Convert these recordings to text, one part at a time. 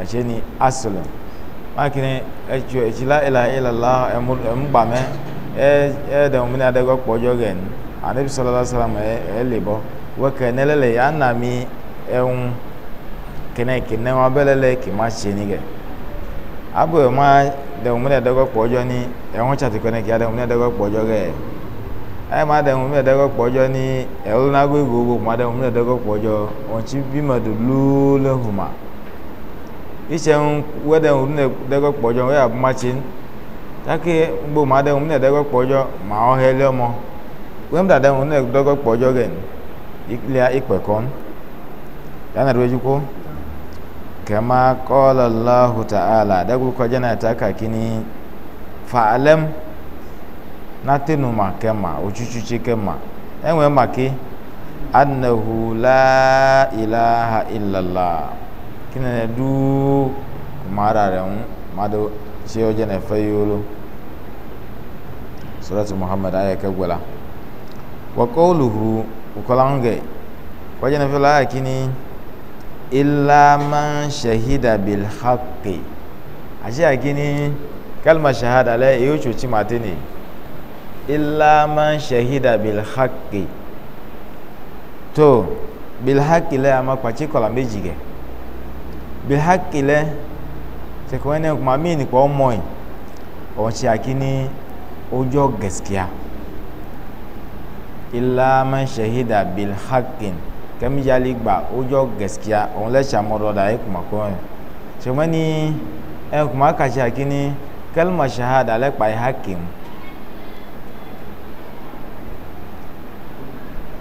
àṣẹ ni asìlù mákìní ẹtù ẹtìlá ìlà ìlàlá ẹmúgbàmẹ ẹẹdẹwọn mi ní adẹgbẹ kpọjọ gẹ ní anabi sọlọlá sàlámù ẹ ẹ lè bọ wọkẹ nílẹlẹ yà nà mí ẹhún kìnnẹ kìnnẹ wọn abẹlẹlẹ kì má ṣe ní gẹ abo ẹ má dẹwọn mi ní adẹgbẹ kpọjọ ní ẹhún tsàtìkọ ní kì á dẹwọn mi ní adẹgbẹ kpọjọ gẹ ẹ má dẹwọn mi ní adẹgbẹ kpọjọ ní ẹhún nágbé gbogbo má dẹwọn mi ní adẹgbẹ kpọjọ wọn ti bímọ dùlú lẹhùn máa ichen wede ne dego kpojo we ab machin take gbo ma de ne dego kpojo ma o hele mo we mda de ne dego kpojo gen ikle ikpe kon yana reju ko kama qala allah ta'ala dagu ko jana taka kini fa'alam natinu ma kema ochuchuchi kema enwe maki annahu la ilaha illallah kinene duu kumaara rẹ ŋu maɖe tsi wo dze ne fe surati muhammed aya ke gbe la wakɔluhu wokɔla ŋu ge wɔdze ne fe la aya kini illa man shahida bil haqi asi aya kini kalima shahada lɛ eyo tso tsi ma te ne illa man shahida bil haqi to bil haqi lɛ ama kpatsi kɔla meji gɛ bihaki lɛ sɛkɛ wɛnɛ kuma mi ni kɔ mɔyi ɔtsi akini odzɔ gɛsikia ilama sehida bilhakin kɛmijali gba odzɔ gɛsikia ɔn lɛ tsi amɔdɔ da ayi kuma kɔ yɛ sɛkɛ wɛni ɛ kuma katsi akini kɛlima sehada lɛ kpa ihakin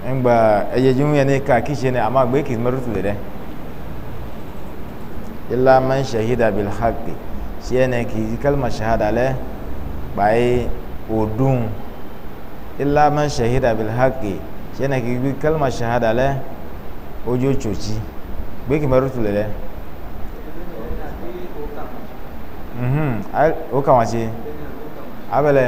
ŋgbɛ ɛyɛdzi ŋu yɛ ne ka kitsi ne ama gbɛ kizimɛrutu le dɛ illa man shahida bil haqqi shi yana ki kalmar shahada le bai odun illa man shahida bil haqqi shi yana ki kalmar shahada le ojo chochi gbe ki marutu le le mhm o kan wa se abele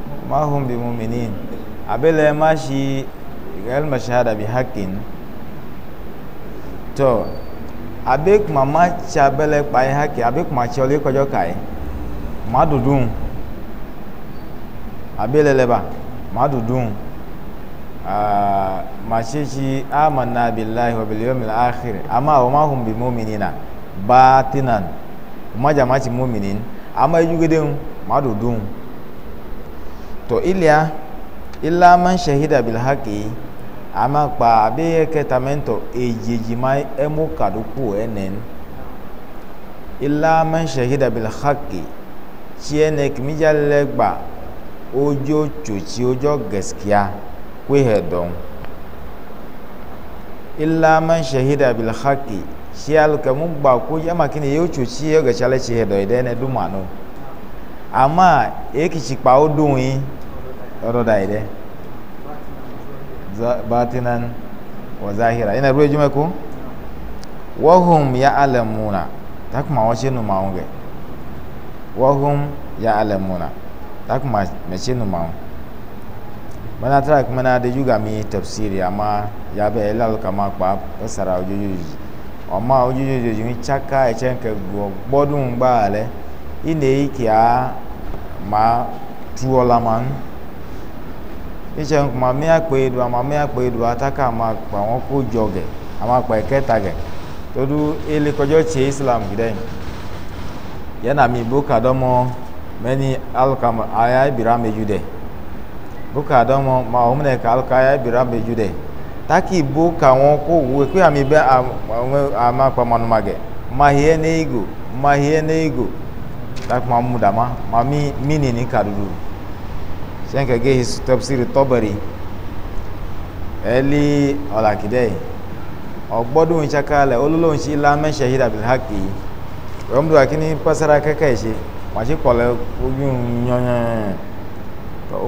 ma hum bi muminin abele ma shi ilmu shahada bi haqqin to abe kuma ma cha bele pa haki abe kuma cha ole kojo kai ma dudun abele leba ma dudun a ma shi shi amanna billahi wa bil yawmil akhir amma wa ma bi muminina batinan ma jama'a mu'minin amma yugedin ma to ilia ila man shahida bil haqi ama kpa abe ketamento ejeji ma emu kaduku enen ila man shahida bil haqi tiene kimija legba ojo chochi ojo gaskiya kwe hedon illa man shahida bil haqi shi alkamu ba ko yama kini yo chochi yo ga chale chi hedo idene dumano ama ekichi pa odun yin ọdọ da ide batinan wa zahira ina ruwe jume ku wahum ya alamuna ta kuma wace nu ma'unge wahum ya alamuna ta kuma mace nu ma'un mana tara kuma na da juga mi tafsiri amma ya bai ilal kama pa fasara ojojoji amma ojojoji mi chaka echen ke gbodun gbaale ina yake ma tuola man itse ma mami a yi do amami akpe yi do ataka ama kpa wọn kó ama kpa ɛkɛta gɛ todu ele kɔdzɔ islam gidɛ yɛna mi boka dɔmɔ mɛni alukam aya ibira meju ibira meju dɛ taki boka wọn kó wu ekpe ami bɛ ama na ego gɛ mahiɛ neigo mahiɛ neigo takuma mini sẹ́ńkà gé his tọ́psìrì tọ́bẹ̀rì ẹ̀lí ọ̀làkìdẹ́ ọ̀gbọ́dún ìṣakalẹ̀ olólùwọ̀n sí ilá mẹ́ṣẹ̀ yìí dàbí hákì rọ́mùdù akíní pására kẹ́kẹ́ ṣe wàá sí kọ̀lẹ̀ ojú yanyan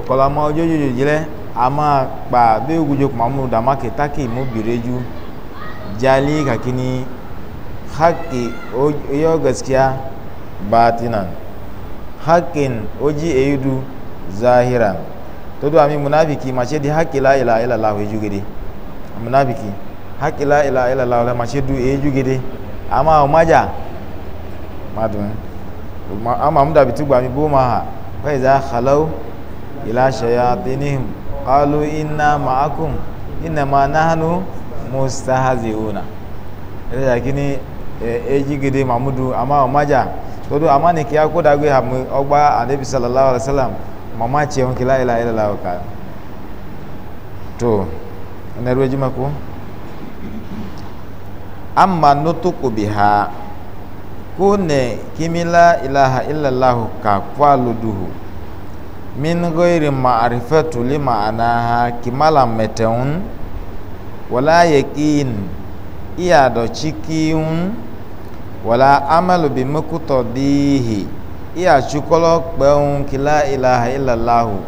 kọ̀lá mọ́ ojójújò jílẹ̀ a máa pa bí ogunjo pàmò dàmákè tákì mú bìrẹ́ ju jálí kàkíní hákì oyó gẹ̀sìkíá bàtínà hákìn ojí èyí dùn zahira todo ami munafiki mace di haƙƙi la ilaha illallah eju gede munafiki haƙƙi la ilaha illallah mace du eju gede ama o maja madun ama mu dabi tugba mi boma ha fa iza khalaw ila shayatinihim qalu inna ma'akum inna ma nahnu mustahzi'una ila kini eji gede mamudu ama o maja todo amani ki akodagbe ha mu ogba anabi sallallahu alaihi wasallam mama ce wanki la ilaha illallah ka to na ruwa jima ko amma nutuku biha ko ne kimi la ilaha illallah ka kwaluduhu min ghairi ma'rifatu li ma'anaha kimala meteun wala yaqin iya do chikiun wala amalu bi mukutadihi iya tsukɔlɔ kpɛŋu kila ilaha ilalahu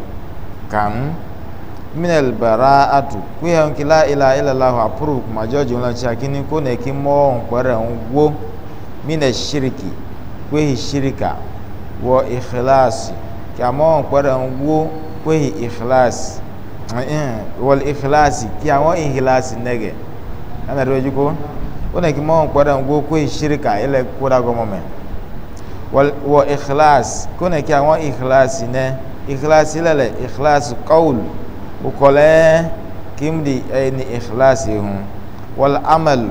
kam minɛl bara atu kuyɛŋu kila ilaha ilalahu apuru kumadzɔ dzona tsa kini ko ne ki mɔɔ nkpɛrɛ ŋwo minɛ shiriki kuyehi shirika wɔ ikhlasi kia mɔɔ nkpɛrɛ ŋwo kuyehi ikhlasi eh, wɔl ikhlasi kia mɔ ikhlasi nɛgɛ ɛna do edzi ko ko ne ki mɔɔ nkpɛrɛ ŋwo kuyehi shirika ele ko da mɛ wọ ikhlas kóni kí àwọn ikhlas nẹ ikhlas lẹlẹ ikhlas kọ́wùl ukọlẹ kíndì ẹni ikhlas hun wọl amal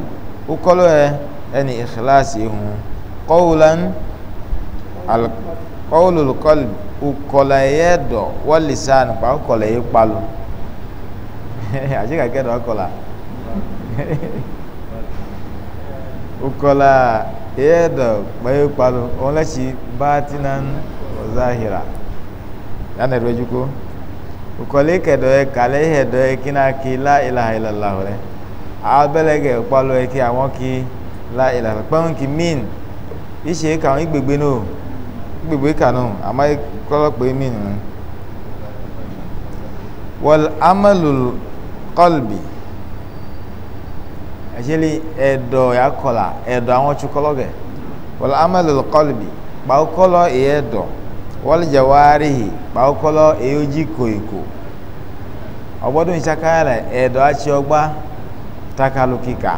ukọlẹ ẹni ikhlas hun kọ́wùlan kọ́wùlù kọ́lù ukọlẹ yẹ dọ̀ wọlisan pa ukọlẹ yẹ kpalu àti kàkẹ́ dọ̀ ọkọlà ukọlà. ihe da gbaye kpalo wala shi batinan zahira ya na jiko ukole ikedo do e kale he do e ila ki la ilaha illallah re abelege kpalo e ki awon ki la ilaha pon ki min ishe ka igbegbe no igbegbe kanu ama kolo min wal amalul qalbi atseli edo ya kɔla edo awɔtsu kɔlɔ gɛ wɔlɔ amalu kɔlbi kpawo kɔlɔ eya ɛdɔ wɔlɔ dzawarihi kpawo kɔlɔ eya odzi koeko ɔbɔdɔ ntsaka yɛ lɛ ɛdɔ atsi ɔgba takalu kika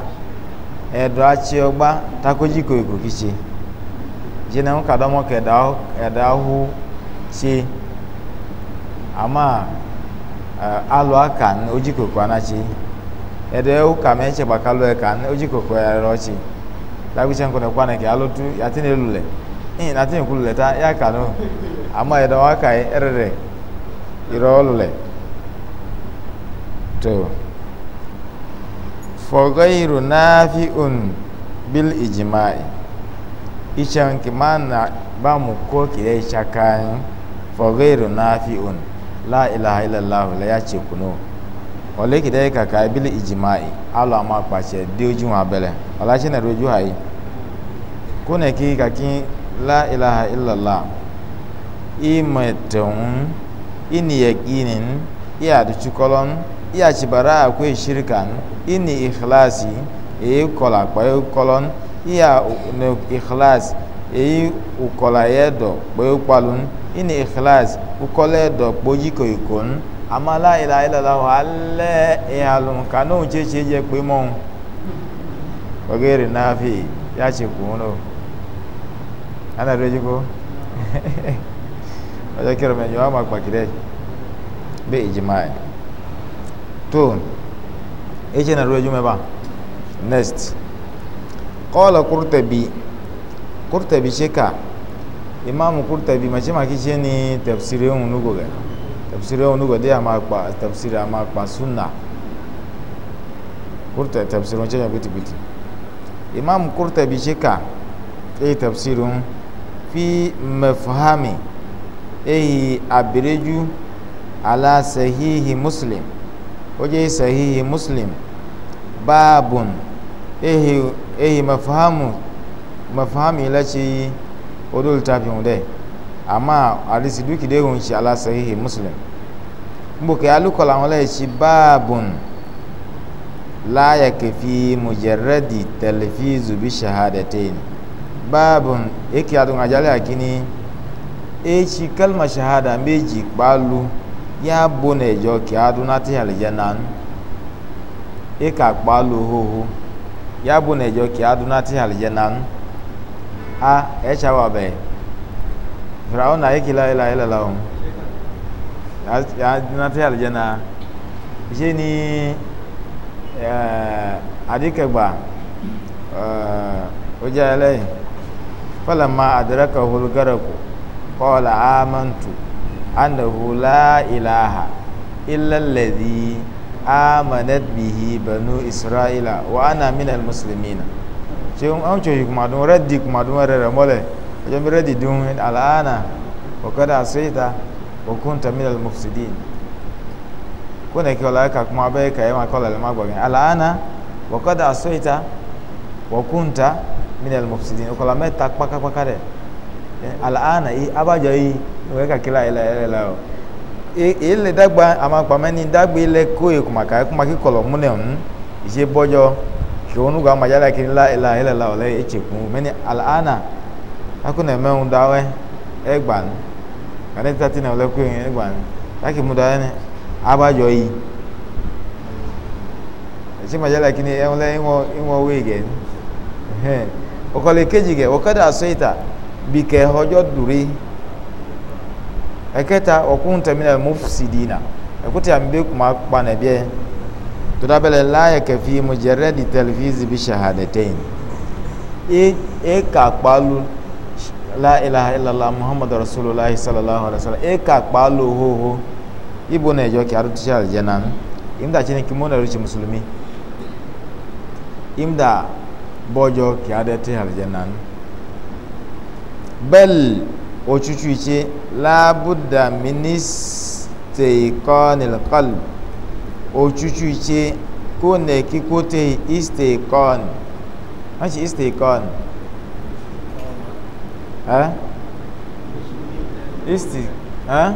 ɛdɔ atsi ɔgba takodzi koeko kitse ama alu ɛdɛ wo kame ɛtsɛ gba kalu yɛ e kan wodzi kɔkɔ ya yɛ ọchị lagbitsɛ ŋkɔ nɛ kpanɛ alụtụ ya tinye yati ne lu lɛ ɛyìn nati ne kulu ya ka no ama yɛ dɛ wa ka yɛ ɛrɛrɛ yɔrɔ lu lɛ to fɔgɔ yiro naafi on bil ijima itsɛn kima na ba mu kɔ kiyɛ itsa e kan fɔgɔ yiro naafi on la ilaha illallah lɛ ya tse olekide kaka ibili ijimai alo ama kpatse di ojú wọn abẹlẹ ọlọsẹ náà rojú ayi kónẹkì kàkí la ilaha illallah ìmọ̀ ẹ̀tẹ̀hún ìní yẹ̀kínìn ìyá àdùchukọlọ́n ìyá àtsibara àkó ìṣirikàn ìní ìkìláàsì èyí kọlà pẹ̀lú kọlọ́n ìyá ìkìláàsì èyí òkọlà yẹ dọ̀ pẹ̀lú kpalùn ìní ìkìláàsì òkọlẹ̀ dọ̀ kpójì kòkòrò àmọ́ láìla ìlàlá wà lẹ́ ìhàlùn kaná òjèṣe jẹ pé mọ́ ohun ọgẹ́rẹ̀ náà fi yá ṣe kù ń lò ánàdójúkó ọjọ́ kí ọmọ ẹ̀yọ́ àmà pàkìrẹ́ bẹ́ẹ̀ ìjìmá ẹ̀ tó ẹ̀ṣẹ̀ náà lójú mẹ́bà next kọ́ọ̀lọ̀ kúrútẹ̀bì kúrútẹ̀bì ṣe kà ìmáàmù kúrútẹ̀bì màṣẹ́màkí ṣe ni tẹ̀síre òun lógo gẹ̀ẹ́ tafsiri wọn nígbà dé àmà pa tafsiri àmà pa sunna kurta tafsiri wọn jẹyàn bitibiti imam kurta bi shika eyi tafsiri wọn fi mafahami eyi abireju ala sahihi muslim o jẹ sahihi muslim baabun ehi ehi mafahamu mafahami ilaci odol tafi wọn dẹ amma alisi duki dehun shi ala sahihi mboke alukɔla wọn lɛ si baabun laaya kefi mujarradi tɛlifizu bi shahadatain baabun eke adun ajali akini esi kalima shahada meji kpalu ya bo na ɛdzɔ ke adun alijanan eka kpalu hoho ya bo na ɛdzɔ ke adun alijanan a ɛtsa wa bɛ firawuna eke la ila la o adinate alijana ṣe ni adikẹgba ọjà ẹlẹyìn fọlọmọ adaraka hulgaraku kọọla amantu anahu la ilaha illalladhi amanat bihi banu isra'ila wa ana min almuslimina ṣe an ṣe kuma dun rẹdi kuma dun rẹ rẹ mọlẹ ọjọ dun alana ọkọdà sèta. وكنت من المفسدين. kuna kiola ka kuma be ka yema kola le magbo gen alana wa qad asaita wa kunta min almufsidin kola meta paka paka de alana i abajo yi we ka kila ile ile o ile dagba ama pa meni dagba ile ko e kuma ka kuma ki kolo mune un ise bojo shonu ga majala kin la ila ila la ole e chekun meni alana akuna meun dawe egban kàdé tàtí na lẹ́kọ̀ọ́ yẹn nígbà ní láti mú dáa ní abájọ yìí ṣé màjálà kí ni ẹ̀wọ̀n lẹ́ ìwọ̀n ìwọ̀n wé gẹ̀ ní ọkọlẹ̀ kejì gẹ̀ ọ̀kadà sọ ìta bí kẹ̀ ọjọ́ dùrí ẹ̀kẹta ọkùnrin tẹ̀mínà mọ́fùsìdìínà ẹ̀kútì àmì bẹ́ẹ̀ kùmà pa nàbíyẹn tudabele laaya kafi mujarradi talfizi bi shahadatayn e e ka kpalu la ilaha illallah muhammadu rasulillah sallallahu alaihi wasallam e ka kpaalo hoho ibo na ejo ki arutusi aljana imda chini kimo na ruchi musulumi imda bojo ki adete aljana bel ochuchu ichi la budda ministeikonil qalb ochuchu ichi ko ne kikote isteikon machi isteikon eh? isti eh? Eh.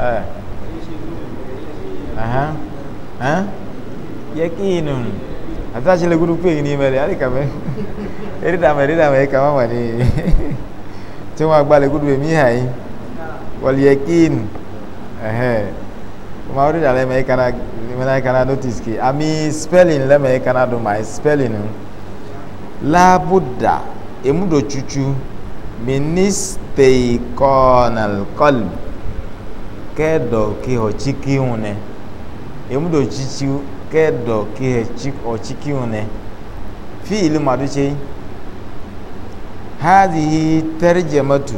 Eh. Aha. Eh? Yakinun. Hata chile guru kwa ni mele ali kame. Eri da mele da mele kama mani. Tuma gbale guru be mi hai. Wal yakin. Eh. maori da le me kana me na kana notice ke ami spelling le me kana do my spelling la buddha emudo chuchu ministe konal qalb kedo ki ho chiki une emudo chichu kedo ki he chik o chiki une fi ilu maduche hadhihi tarjamatu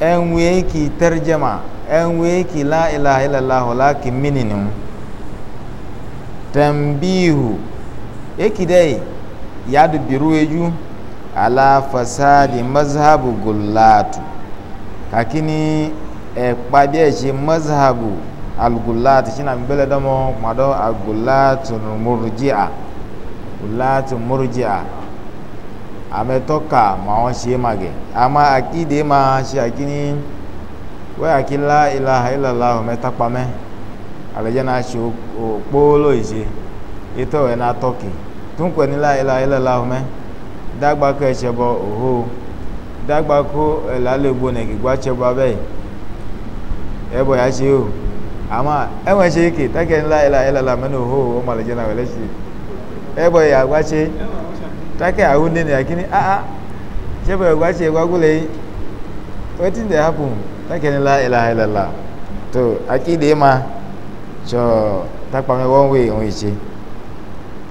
enwe ki tarjama enwe ki la ilaha illallah lakin mininin tambihu yake dai ya dubiru eju ala fasadi mazhabu gullatu kakini ẹ̀pá bí ẹ̀ ṣe mazhabu algullatu ṣe na mbẹ́lẹ̀ dánmọ́ pàdọ́ algullatu murji'a gullatu murji'a ametoka maoshi mage ama akide ma shi akini we akila ilaha illallah metakpame alejana shi okpolo ise ito we na toki tunkwe ni la ilaha illallah me dagba ko esebo oho dagba ko elalebo ne gigba chebo abe ebo ya shi o ama enwe shi ke take ni la ilaha illallah me no oho o na wele shi ebo ya gwa shi take awunde ne lakini a a chebe gwache gwagule wetin dey happen take ni la ila illallah to akide ma cho takpa me one way on ichi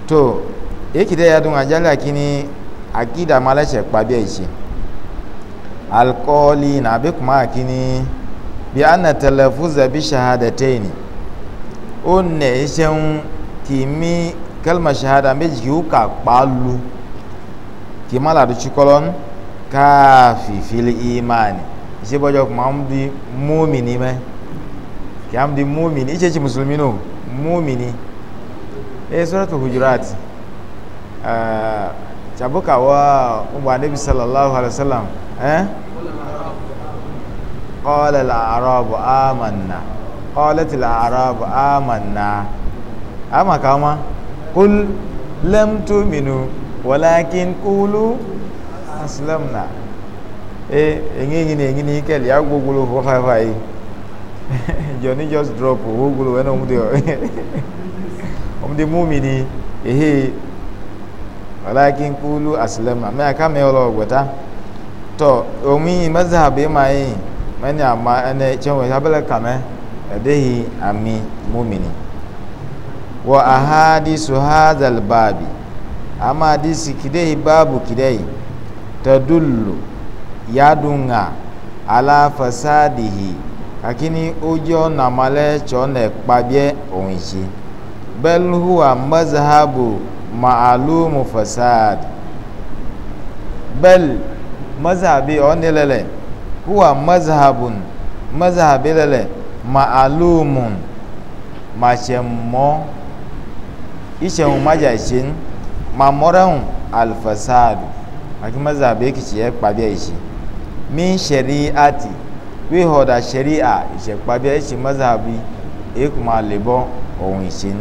to ekide ya dun ajale lakini akida malache pa bi ichi alkoholi na bi kuma akini bi anna talafuza bi shahadataini o ne iseun kimi kalmar shahada meji ki uka kpalu kima la duci kolon kafi fil imani ishe bojo kuma amdi mumini me ki amdi mumini ishe ci musulmi no mumini eh suratul hujurat uh, chabuka wa umma nabi sallallahu alaihi wasallam eh qala al arabu amanna qalat al arabu amanna ama kama qul lam tu'minu walakin kulu aslamna eh engini ni engini ke li agogolo ho ha ha yi eh. joni just drop ogogolo we no mu de om de mumini ehe walakin kulu aslamna me aka me olo gbota to omi mazhabi e mai eh, mani ama ene chenwe habele kame edehi ami mumini wa ahadisu hadha albabi ama hadisi kidai babu kidai ya yadunga ala fasadihi kakini oje ona male na kpabie onji bal huwa mazhabu ma'lumu fasad bi mazhabi onelele huwa mazhabun mazhabilele ma'lumun machemmo ichemu majashin mamorahun alfasadu akima zabe kici ya kpabiya ishi min shari'ati wi hoda shari'a ishe kpabiya ishi mazhabi ikuma libo ohun ishin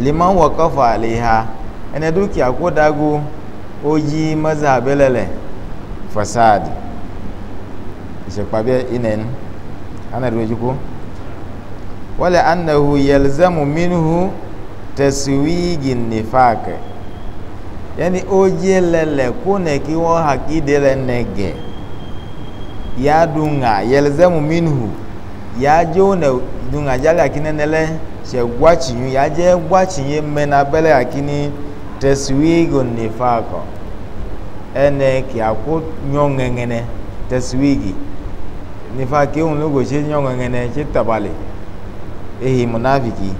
liman wakafa alaiha ene dukiya ko dago oyi mazhabi lele fasad ishe kpabiya inen ana ruwe jiko wale annahu yalzamu minhu tẹ̀síwíìgì nìfàkì yẹni oje lẹlẹ kónẹ kí wọn hakide lẹ nẹgẹ yà dunga yẹlẹsẹmu minhu yà jẹ onẹ dunga jalẹ akinẹnẹ lẹ sẹ gbàtsinyu yà jẹ gbàtsinyu mẹna bẹlẹ akini tẹsiwigi nìfàkọ ẹnẹ kìako nyọngẹngẹnẹ tẹsiwigi nìfàkì òun ló gòsè nyọngẹngẹnẹ tsi tabali ehi munafiki.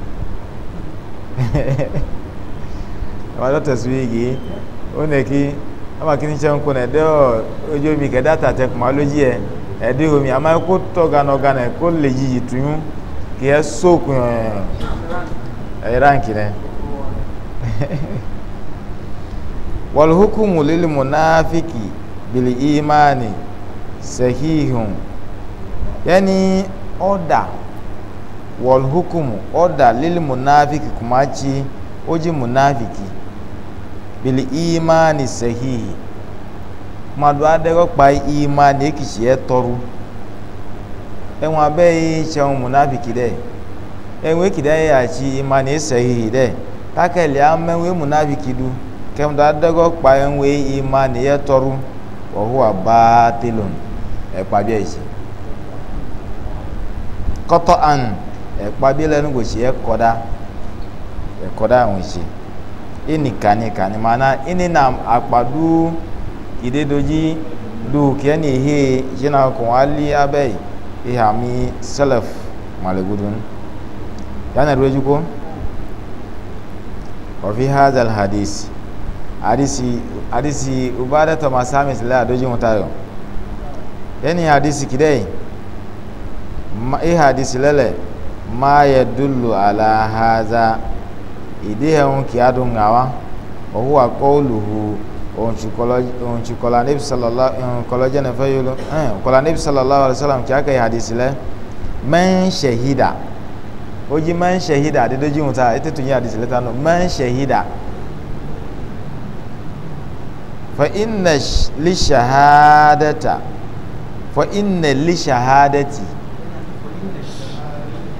wàá dọ́tẹ̀ sùn yìí ó nà kí ama kí ni tsɛ ŋkó nɛ ɖe ɔ edzo mi kɛ ɖe omi ama yɛ kó tɔ ganɔ ganɛ kó le dzidzi nkịrị. kì yɛ so kunyɔ ɛyɛ ranki nɛ wɔluhukumu munafiki imani wal hukumu oda lil munafiki kumachi oji munafiki bil imani sahihi madu adego pa imani ekichi etoru enwa be iche munafiki de enwe kide ya chi imani sahihi de takele amenwe munafiki du kemdu adego pa enwe imani etoru wa huwa batilun e pa bi ichi ekpa bi lé na ngosi n'ekoda ekoda anwụntsi enyi kani kani e na ị na akpa dị dị dị dịu ihe nihi ịnọ nke alị abe ihe amị selef nwale gudunuu ya na rịdị dị dịkụ ofi hadisi hadisi e hadisi uber de sami samis lee adịdị ụtọ ayọrọ enyi hadisi kide ị ha hadisi lee. ma yadullu ala hadha ìdí ẹ̀hún kì á dùn ngàwá òhun wà kọ́ọ̀lùhù òhun tí kọ́lá níbi sallallahu alayhi wa sallam kì á kẹ́ hadisi lẹ́ mẹ́n ṣẹ̀hídà ó jí mẹ́n ṣẹ̀hídà dídójú ìhun ta ètò ìyẹn hadisi lẹ́ta nù mẹ́n ṣẹ̀hídà fa inna li shahadata fa inna li shahadati.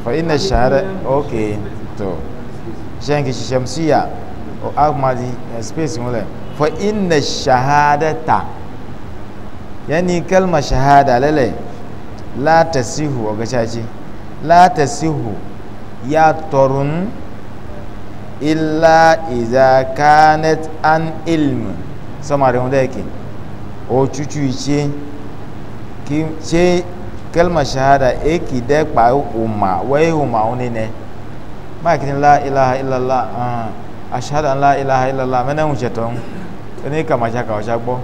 فإن الشهادة أوكي تو شانك الشمسية أغمالي سبيس مولين فإن الشهادة تا؟ يعني كلمة شهادة للي لا تسيه وكشاشي لا تسيه يا ترون إلا إذا كانت أن علم سمعي هناك أو تشوشي كي شيء kelma shahada eki de kpa uma wai e uma oni ne ma kini la ilaha illallah uh, ashhadu an la ilaha illallah mena un cheton ene ka ma shaka osha gbo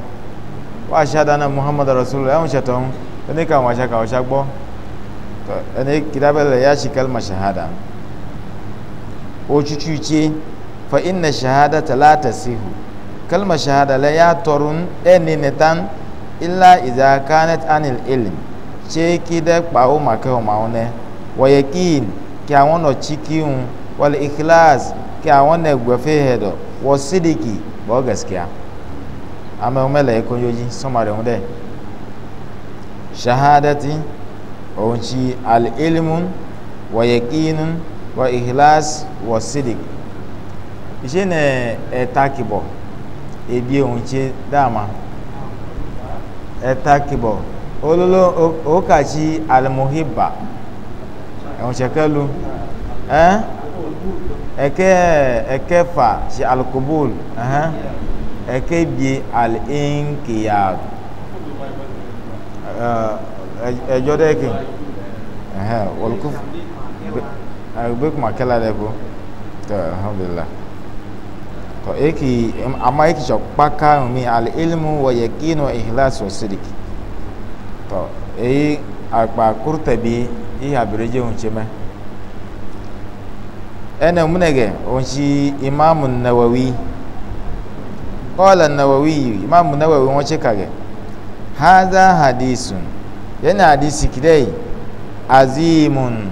wa ashhadu anna muhammadar rasulullah e un cheton ene ka ma shaka osha gbo to ene kidabele ya shi kelma shahada o chuchuche fa inna shahadata la tasihu kalma shahada la ya torun eni netan illa idza kanat anil ilm tseki ɖe kpawo make wɔmawo ne wɔyekin ke àwọn nɔ tsikiŋu wɔle ikilas ke àwọn nɛ gbefe hɛ dɔ wɔ sidiki bɔ gaskia amewo mele ekonyo dzi sɔma ɖe ŋu ɖe shahadati òun tsi ali ilimu wɔyekinu wɔ ikilas wɔ sidik ìṣe nɛ ɛta e kibɔ ebi òun e dama ɛta e kibɔ ololo okachi almuhiba ẹ̀hún ṣẹ̀kẹ́lu ẹ́ ẹ̀kẹ́ ẹ̀kẹ́fà ṣe alukobol ẹ̀kẹ́bie alinkiyadu ẹ̀jọ́ dẹ́kin wọlùkú gbẹ́kùmá kẹ́lá dẹ́ kó tẹ̀ alhamdulilah tọ́ eki ama eki sọ kpaka mi alilmu wọ̀yẹ̀kínu ìhìlá sọ̀sídìkì tɔ eyi akpa kurtabi ihi abirije ohuntsɛ mɛ ɛnɛ munɛgɛ ohuntsɛ imaamu nawawi kɔɔla nawawi imaamu nawawi wɔn tsɛ kagɛ haza hadisun yɛnɛ hadisi kidɛyi azimun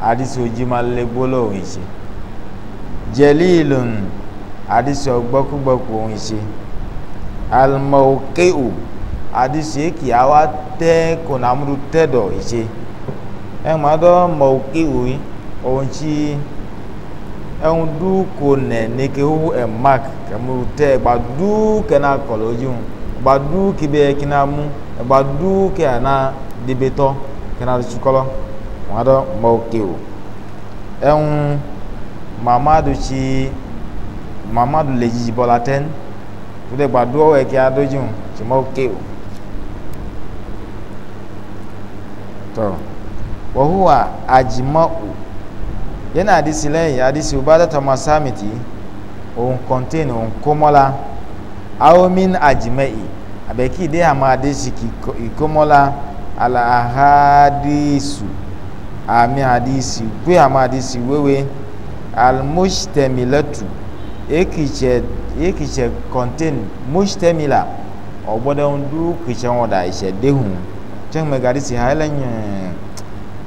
hadisi ojimale gbolo ohuntsɛ jɛlilun hadisi ɔgbɔkugbɔku ohuntsɛ almaukiu hadisi eki tɛ ko na amudu tɛ dɔ itse ɛŋma dɔ mɔwu kewu yi ɔwɔ ŋtsi ɛŋu du ko nɛ neke wo ɛmak kɛmu tɛ gba du kɛna kɔlɔ dzi ŋu gba du kebe kina mu gba du kɛna debetɔ kɛna tsukɔlɔ ɛŋma na mɔwu kewu ɛŋu mama do tsi mama do le dzidzi bɔ la ten, wo de gba du ɔwɔ yɛ a ado dzi ŋu tsi mɔwu kewu. to wa huwa ajma'u yana hadisi lẹ́yìn hadisi ubadata masamiti òun contain òun kómọ́lá aomin ajima'i abẹ́kí ìdí àmọ́ hadisi ìkómọ́lá alahadisu àmì hadisi pé àmọ́ hadisi wéwé almustemilatu ekìtsẹ̀ contain mustemila ọ̀gbọ́dọ̀ ń dúró kìtsẹ̀ wọn dà ìṣẹ̀déhùn tse ŋmɛ gaɖi si ha ele nye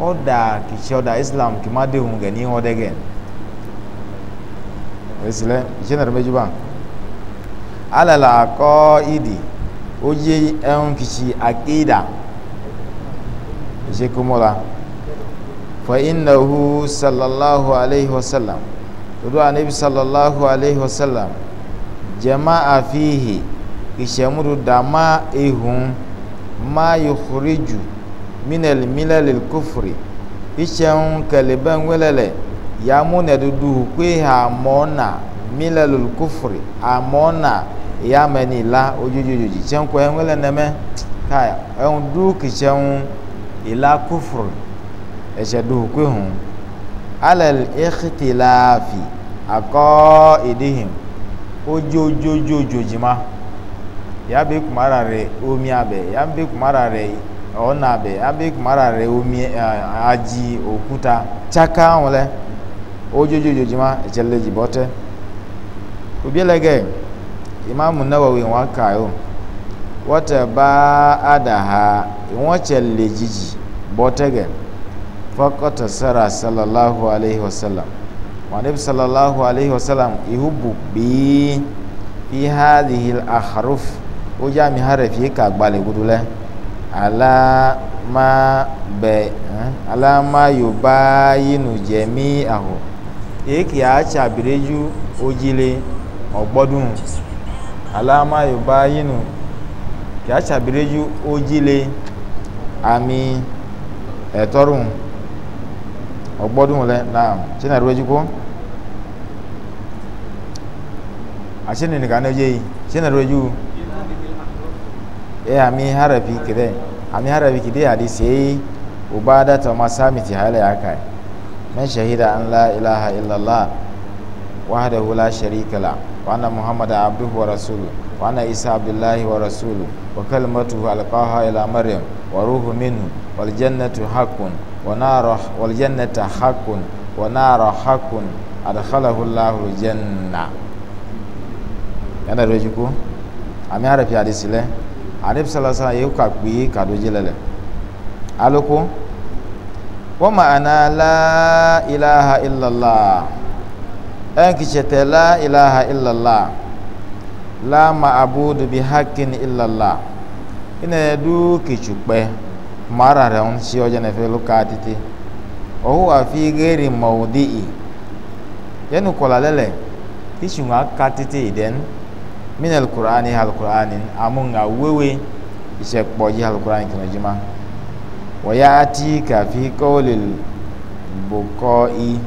ɔda kitsi ɔda islam kima de ŋu gɛni ŋɔ de gɛ esi lɛ itse na ɖe er me dziba alɛ la akɔ idi wodzi ɛŋu kitsi akeida itse kumɔ la fa inahu sallallahu alayhi wa sallam dodo anabi sallallahu alayhi wa sallam jama afihi kitsi ɛmu dama ehun ma yukhriju minal milalil kufri ichen kaliban welele ya mu na dudu kwe ha mona milalul kufri amona ya mani la ojojojoji chen kwe wele neme kaya en du kichen ila kufri eche du kwe hun alal ikhtilafi aqaidihim ojojojojoji ma ya ya kumara re yabe kumarare omi abẹ yabe kumarare ọna abẹ yabe kumarare omi eh, aji òkúta tsaka wọn lẹ ojoojojojima ìtsẹlẹdzi bọtẹ obielẹgẹ imaamu nawawi wọn ka o wọtẹ bá adaha wọn tsẹlẹ dzidzi bọtẹgẹ fọkọtọ sara sallallahu alayhi wa sallam wọn sallallahu alayhi wa sallam ihu bukpi fi hadhihi al-akharuf. wodza mi ha ɖe fie ka agba le kudu ala ma be ala ma yoba yi nu dze mi aho eke atsi abireju odzile ɔgbɔdun ala ma yoba yi nu ke atsi abireju odzile ami etorun ɔgbɔdun le na tsi na ɖo edzi ko atsi nini ka ne dze yi tsi na e eh, ami harafi kire ami harafi kide hadisi yayi ubadata masamiti hala yakai man shahida an la ilaha illallah wahdahu la sharika la wa anna muhammada abduhu wa rasuluhu wa anna isa abdullahi wa rasuluhu wa kalimatuhu alqaha ila maryam wa ruhu minhu wal jannatu haqqun wa naru wal jannatu haqqun wa naru haqqun adkhalahu allahu janna yana rojiku ami harafi hadisi le anabi sallallahu alaihi wasallam yóò kà pé kàdójì lẹlẹ aloko wọn ma ana la ilaha illallah ẹn kì í ṣe tẹ la ilaha illallah la ma abudu bi hakin illallah ina yẹ du kìtù pẹ mara rẹ ń ṣe ọjà nẹfẹ lóka títí ọhún àfi gẹrì mọ̀ọ́dí yìí yẹnu kọ̀ọ̀lá lẹ́lẹ̀ kìtù ń ka títí ìdẹ́nu min alkur'ani alkur'ani amun a wewe ise kpoji alkur'ani kina jima wa ya ati ka fi qawlil buqa'i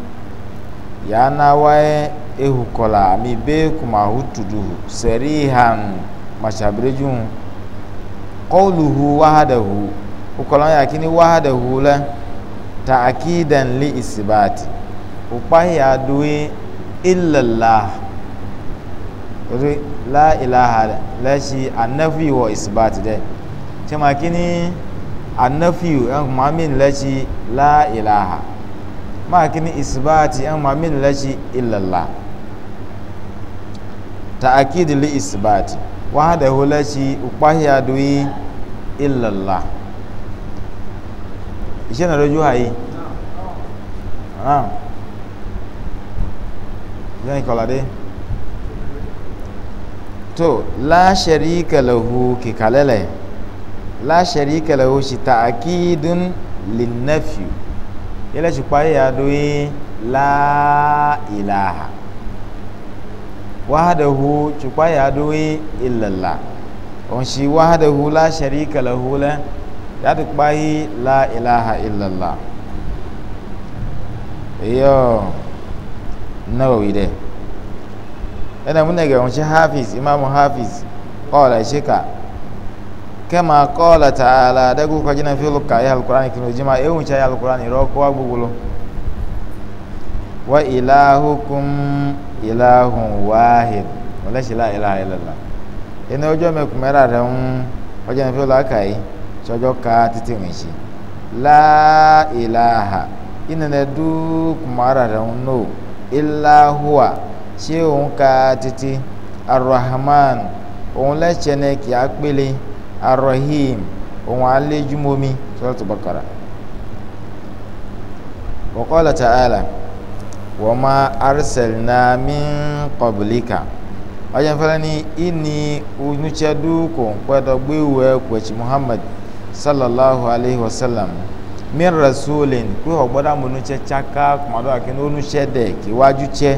ya na waye ehukola mi be kuma hutudu sarihan mashabrejun qawluhu wahdahu ukola ya kini wahdahu la ta'kidan li isbat upahi adui illa allah ri la ilaha la shi annafi wa isbat de ce ma kini annafi an ma min la shi la ilaha ma kini isbati an ma min la shi illallah ta'akid li isbati wa hada hu la shi na roju hayi ah yan kolade to la sharika lahu kikalele la sharika lahu shi ta'kidun linnafi ila shi kwaye ya doye la ilaha wahadahu shi kwaye ya doye illallah on shi wahadahu la sharika lahu la ya duk bayi la ilaha illallah iyo nawawi dai ena munege onshi hafiz imamu hafiz qala shika kama qala ta'ala dagu kwa jina fi luka ya alqur'ani kinu jima e uncha ya alqur'ani roko wa gugulo wa ilahukum ilahun wahid wala shi la ilaha illallah ina ojo me kumera re un ojo fi luka yi sojo ka titi nshi la ilaha ina ne du kumara re un no illa huwa ṣé òun ka titi arahman òun lẹ́tsẹ̀ ní kí á pélé arahim òun alẹ́júmọ́mi sọ́tù bàkàrà. wọ́kọ́lá ta'ala wọ́n máa arsalna min kọ̀bùlíkà ọjọ́ ìfẹ́lẹ́ ní ìní onútsẹ́dú kò ń pẹ́ dọ́gbé muhammad sallallahu alayhi wa sallam min rasulin kó ọgbọ́dá mọ̀ onútsẹ́ tsaka kọ̀mọ́dọ́ àkínní onútsẹ́ dẹ̀ kíwájú tsẹ́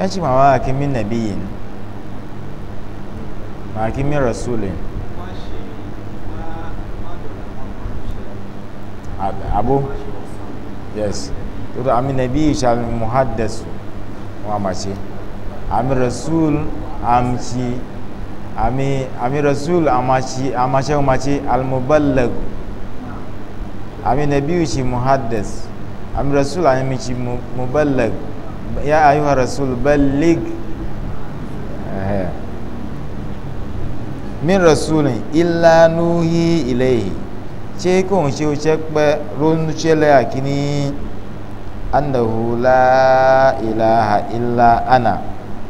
ɛkyi ma wa akimi nabi yin ma akimi rasulin abu yes toto ami nabi shall muhaddasu wa mace ami rasul amci ami ami rasul amaci amace umaci almuballag ami nabi shi muhaddas ami rasul ami ci muballag ya ayuha rasul balig min rasulin illa nuhi ilayhi ṣé kò ń ṣe oṣẹ pẹ ronú àkíní annahu la ilaha illa ana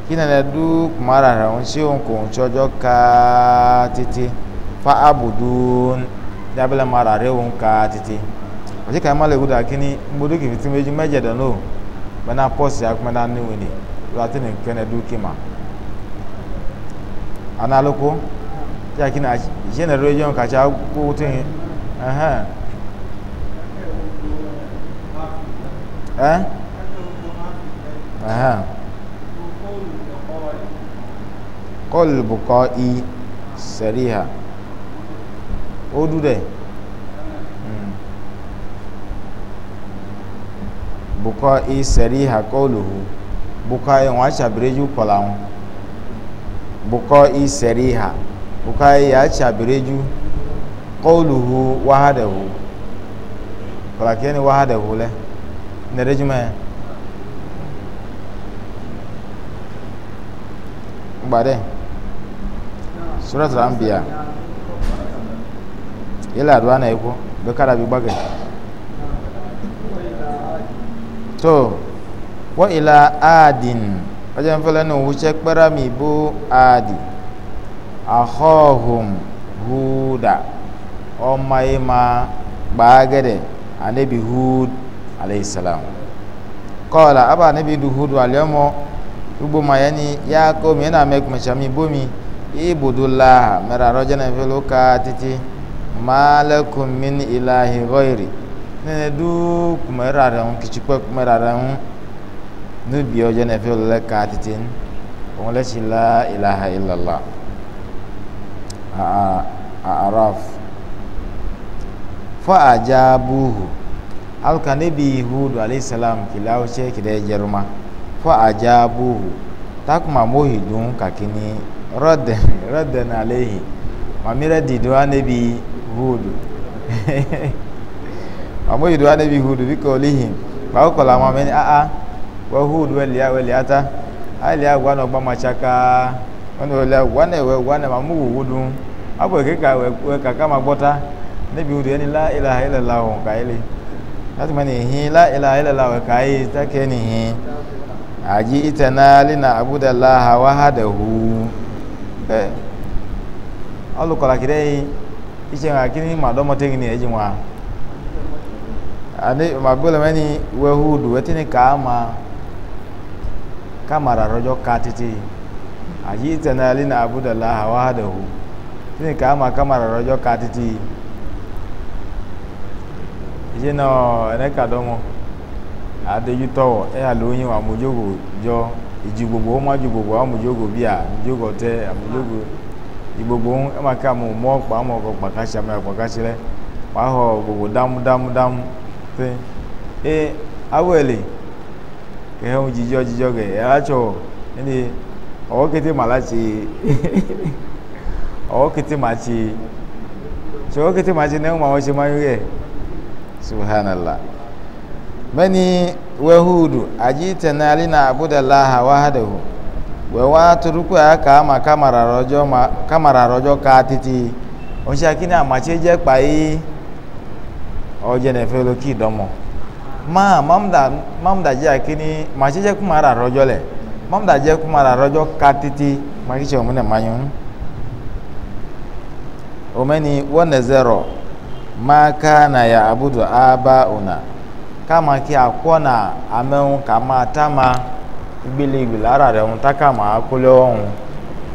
kí nana dú kumara rẹ ń ṣe òun kò ń ṣọjọ ká títí fa abudu dábìlẹ mara rẹ òun ká títí àti kàmá lè gbọdọ àkíní gbọdọ kìfìtì méjì mẹjẹ dáná mena pɔsi akumena niwini lati ni kene duki ma ana loko ti akini a jene region kacha kutu yi ɛhɛn ɛhɛn eh? kɔl bukɔ i sɛriha o du dɛ. bukọ iseri ha kọluhu bukọ ịnwa chabireju kọlanwụ bukọ iseri ha bukọ ya chabireju kọluhu wahadahu kọlakeni wahadahu le nerejuma ya gbade surat rambiya ila aduwa na ekwo bekara bi gbage tó wọ́n ìlà aadìn ọjọ́ nfẹ́lẹ́ nù wúṣẹ́ kpẹ́rẹ́ mi bó aadì ahọ́hùn húdà ọmọ yìí máa gbàgẹ́dẹ̀ anabi húd aleyhi salam kọ́ọ̀là abba anabi du húd wà lẹ́mọ́ gbogbo ma yẹn ni yá kó mi yẹn náà mẹ́kùn mẹ́sàmì bómi ibùdó láhà mẹ́ra ọjọ́ nfẹ́lẹ́ ó ká títí màálẹ́kùn mi ní ìlà hìgọ́ ìrì nene du kumera ɖe ŋu kitsikpe kumera ɖe ŋu nubio dze ne fi le ka titin òun lè si la ilaha ilala araf fo adza buhu aluka nebi ihudu alayhi salam kila ose kide jeruma fo adza buhu takuma mohi dun kakini rɔden rɔden alehi mami rɛ didu anebi hudu. amma yudu anabi hudu bi qawlihim ba ko la ma men a a wa hudu wal ya wal ata ali agwa no gba machaka ono le wana we wana ma mu hudu abo ke ka we ka ka ma gbota nabi hudu yani la ilaha illallah ka ile lati mani hi la ilaha illallah ka yi ta ke ni hi aji itana lina abudallaha wahadahu eh alu kola kire yi ise nga kini ma domo tengi ni eji wa ani magbele meni wehudu wetini kama kamara rojo katiti aji tana lina abudallah wahdahu tini kama kamara rojo katiti jino ene kadomo adejuto e aloyin wa mojogo jo iji gbogbo o ma gbogbo wa mojogo bia mojogo te amojogo igbogbo e ma ka mo mo pa mo ko pakasi ama pakasi re wa ho gbogbo damu damu damu pe e awele ke he un jijo jijo ge e acho ni owo kete malachi owo kete machi so owo kete machi ne ma wo se mayu ge subhanallah mani wahudu ajita na alina abudallaha wahdahu wa wa turuku aka ma kamara rojo ma kamara rojo ka titi o se akini amache je pa yi ọjọ́ ní ẹ̀fẹ́ ló kí ìdánmọ̀ máa mọ́mùdá jẹ́ àkíní màá ṣe jẹ́ kumara rojo rà rọ́jọ́ lẹ̀ mọ́mùdá jẹ́ kó máa rà rọ́jọ́ ká títí máa kí ṣe òmùnà máa yún. òmẹ́ni wọ́n nẹ̀ zẹ́rọ̀ máa ká nà yà àbúdò ábá ònà ká máa kí àkọ́nà amẹ́hùn ká ara rẹ̀ ń tá ká máa kólé ọ̀hún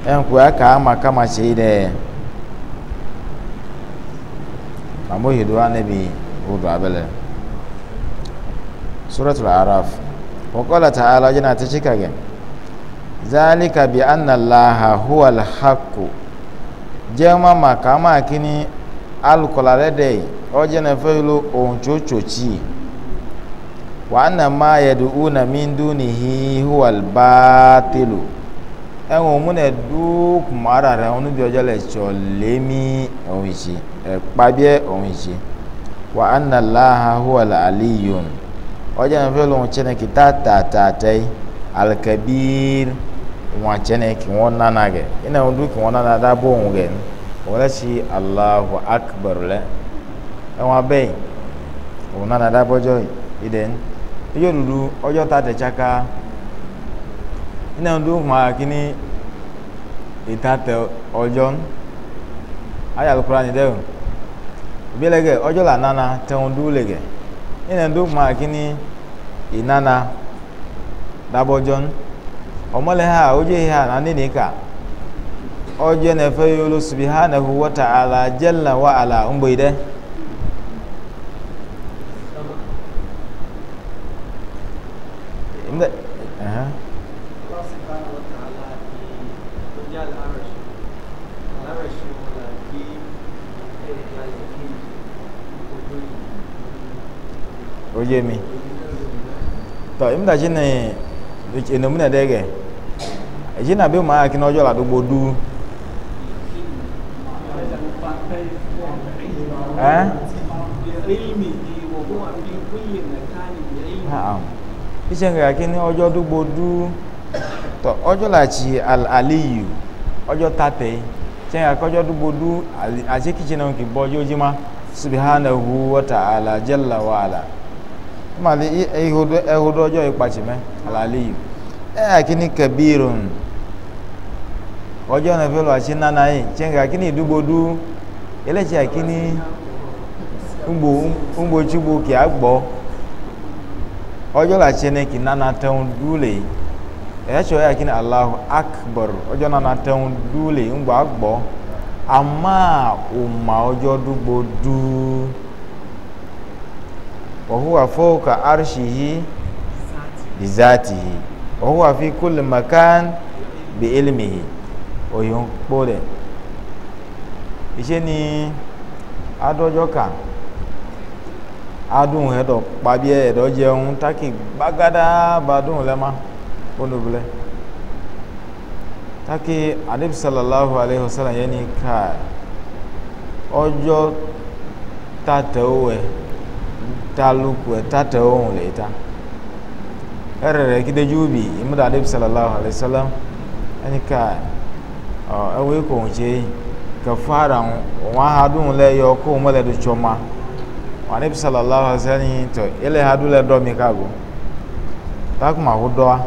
ẹ̀ ń kó yà ká máa ká máa ṣe é dẹ̀. hudu abele suratul araf wa qala ta'ala yana ta cika ga zalika bi anna allaha huwa al-haqqu jema makama kini alkolare de ojene feilu onchochochi wa anna ma yad'una min dunihi huwa al-batilu ẹ̀wọ̀n mú nẹ̀ dúkùmọ́ ara rẹ̀ ọ̀nùbí ọjọ́ lẹ̀ tsọ̀ lémi wa anna allaha huwa al-aliyun oje na velo mchene ta ta al-kabir mchene ki wona nage ina undu ki ị na da bo ngen wala shi allahu akbar le ewa be wona na da bojo iden ojo dudu ojo tate chaka ina undu ma kini itate ojon aya al-qur'ani deo bilege ojola nana teundu lege ina ndu ma kini inana dabojon omole ha oje ha na nini ka oje na fe yulu subhanahu wa ta'ala jalla wa ala umboide yé mi tọ èmi e e dàjí ni ènìmú nà dẹ́gẹ̀ èyí nà bí mo máa kí ní ọjọ́ làdúgbò dú. ẹ́ iṣẹ́ nǹkan kí ní ọjọ́ dúgbò dú tọ ọjọ́ làtì àlìyù ọjọ́ tàtẹ́ ṣe nǹkan kọjọ́ dúgbò dú àti kìchìnà kì bọ́ yóò jí ma subhanahu wa ta'ala jalla wa ala. ma le ehodo ọjọ́ ìpàtì mẹ́ ala yìí ẹ̀ àkíní kẹbíìrò ọjọ́ ọ̀nà fẹ́ lọ àti nánà yìí tiẹ̀ǹkà àkíní ìdúgbòdú ẹlẹ́tì àkíní ńgbò ńgbòtsúgbò kì á gbọ́ ọjọ́ là tiẹ̀ kì nánà tẹ̀hún dúlé ẹ̀ẹ́tsọ̀ yẹ àkíní akbar wa huwa fawqa arshihi bi zatihi wa huwa fi kulli makan bi ilmihi oyun kpole iṣẹ́ ni adọ́jọ́ kan adùn ẹ̀dọ̀ pàbí ẹ̀dọ̀ jẹun tákì gbágádá bàdùn lẹ́mà kónúbilẹ̀ tákì adébísàlálàhù aláìhùsálà yẹn ni ká ọjọ́ tàtẹ̀wẹ̀. taluku e tata ohun le ta erere kideju bi imuda adib sallallahu alaihi wasallam ani e ka o ewe ko nje ka fara wa hadun le yo ko mo le choma wa adib sallallahu alaihi wasallam to ele hadu le do mi ka a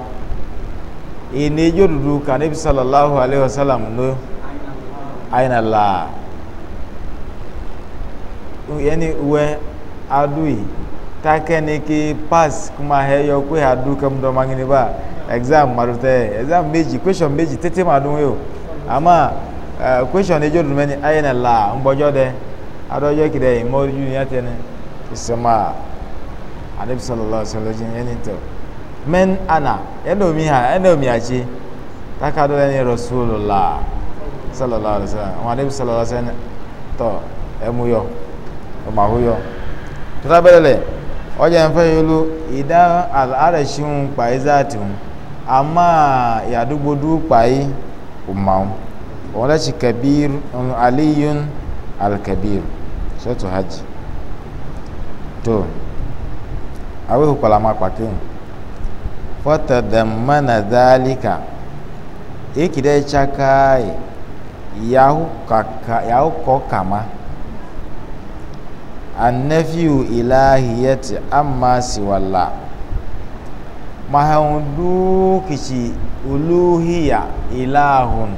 e jo ka sallallahu alaihi wasallam no aina adui take ni ki pass kuma he yo kwe adu kam do mangini ba exam marute exam meji question meji tete ma dun yo ama uh, question ejo dun meni ayena la mbojo de adojo kide mo ju ni atene isma anabi sallallahu alaihi wasallam yani to men ana eno mi ha eno mi achi taka do ni rasulullah sallallahu alaihi wasallam anabi sallallahu alaihi wasallam to emuyo o mahuyo kitabelele wajen fayolu idan al'arashin kpai zatin amma ya dubudu kpai umaru wala shi kabir aliyun alkabir shatu hajji to awi hukwala ma kwakin fata da mana zalika yahoo chakai yahu kama anafiu ilahiyati amma siwala mahun du uluhiya ilahun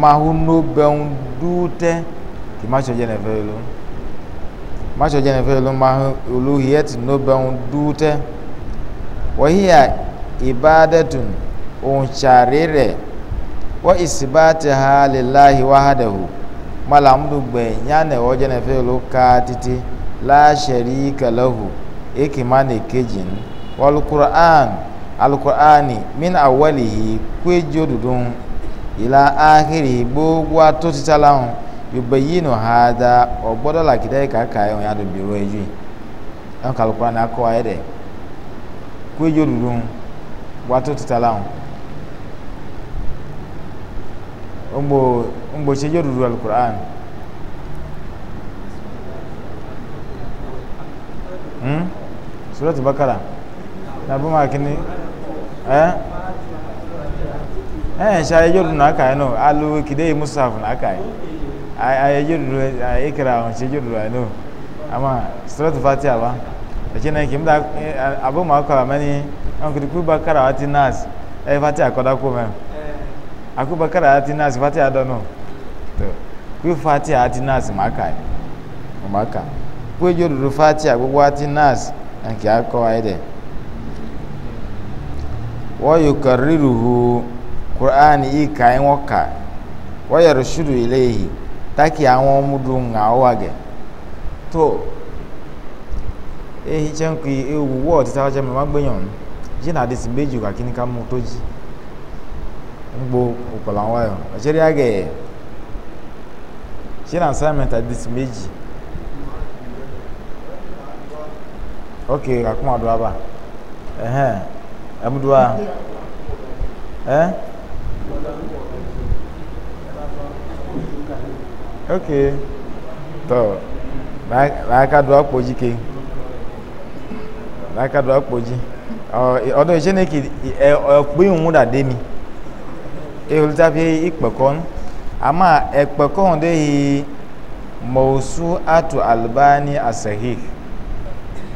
mahun no bẹun dute kì má ṣe jẹnẹ uluhiyati no bẹun dute ibadatun ohun ṣàrí rẹ ha lè láhi malamdu gbẹ̀yìn yánẹ̀ wọ́n jẹ́nẹ̀ fẹ́ ló la sharika lahu ikimani kejin wal qur'an min awwalihi kwejo ila akhiri gbogbo atotitala yubayinu hada ogbodo lakida ka ka yon ya do biro eju an kal qur'an akọ aye de kwejo dudun wa totitala ngbo ngbo sejo dudu suratul bakara na bu ma kini eh eh sha yoru na kai no alu kide musaf na kai ai ai yoru ai ikra on shi yoru ai no amma suratul fatiha ba ake na kim da abu ma ko mani an kudi ku bakara wati nas eh fatiha ko da ko me aku bakara wati nas fatiha da no to ku fatiha wati nas ma kai ma kai nke akọwa ide wayo kariruhu qur'ani ika inwoka waya rushudu ilehi taki awon mudu nga owage to ehi ewu ta je ma ji na adịsị meji ka kini ka mu toji ngbo ukola wa yo ajeri ji na assignment adịsị ok kakuma do aba ɛhɛn ɛmuduwa ɛ ok tɔ n'aka do akpodzi ke n'aka do akpodzi ɔ ɔdɔ yi sɛnɛ ki ɛ ɔkpɛ ŋu da de mi eholi tafi ikpɛkɔn ama ɛkpɛkɔn de yi mɔsu atu alibani asahih.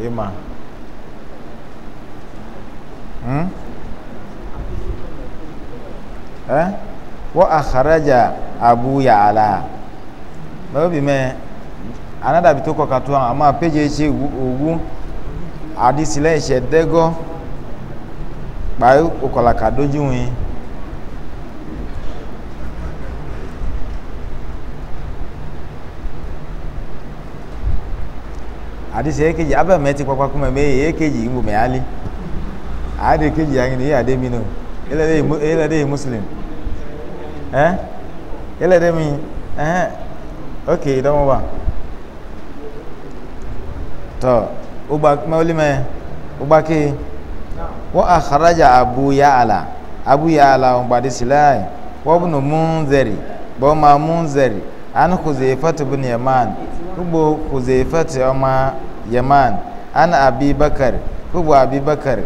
ima hmm? eh? wa akharaja abu Yala, ala bawo bi me anada bi to ko katu ama peje se ogu adisile se dego pa okola kadoju yin adịsị ekeji abịa ma etikwa kwa kụma mee ihe ekeji igbo ma ya li ekeji anyị na ihe adị mino ịlede ya muslim ee eh? ịlede m ihe eh? oke idọmụba tọ ma oli mee akharaja abu ya ala abu ya ala ọgbadi silai wọ bụ na mụ nzeri bụ ma mụ nzeri anụ kụzi ifatu gbogbo huzaifat ọmọ yaman ana abi bakar gbogbo abi bakar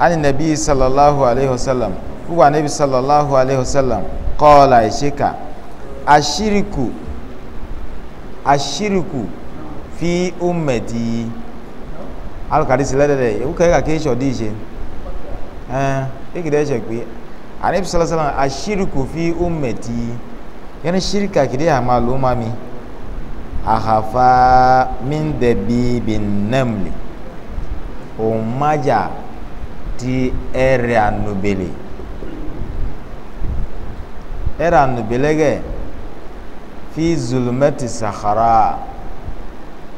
ani nabi sallallahu alaihi wasallam gbogbo eh, anabi sallallahu alaihi wasallam kọ́ọ̀lá ìṣeka ashiriku ashiriku fi umeti alukadi si lẹ́dẹ̀dẹ̀ ewu kẹ́kẹ́ kàkẹ́ ìṣọ̀dí ìṣe ẹ̀ kìdẹ́ ìṣẹ̀ pé anabi sallallahu alaihi wasallam ashiriku fi umeti yẹn ni shirika kìdí àmàlùmami ahafa min dabibi namli o ti ɛrɛ anubele Era nubilege, kɛ fi zulumɛti sahara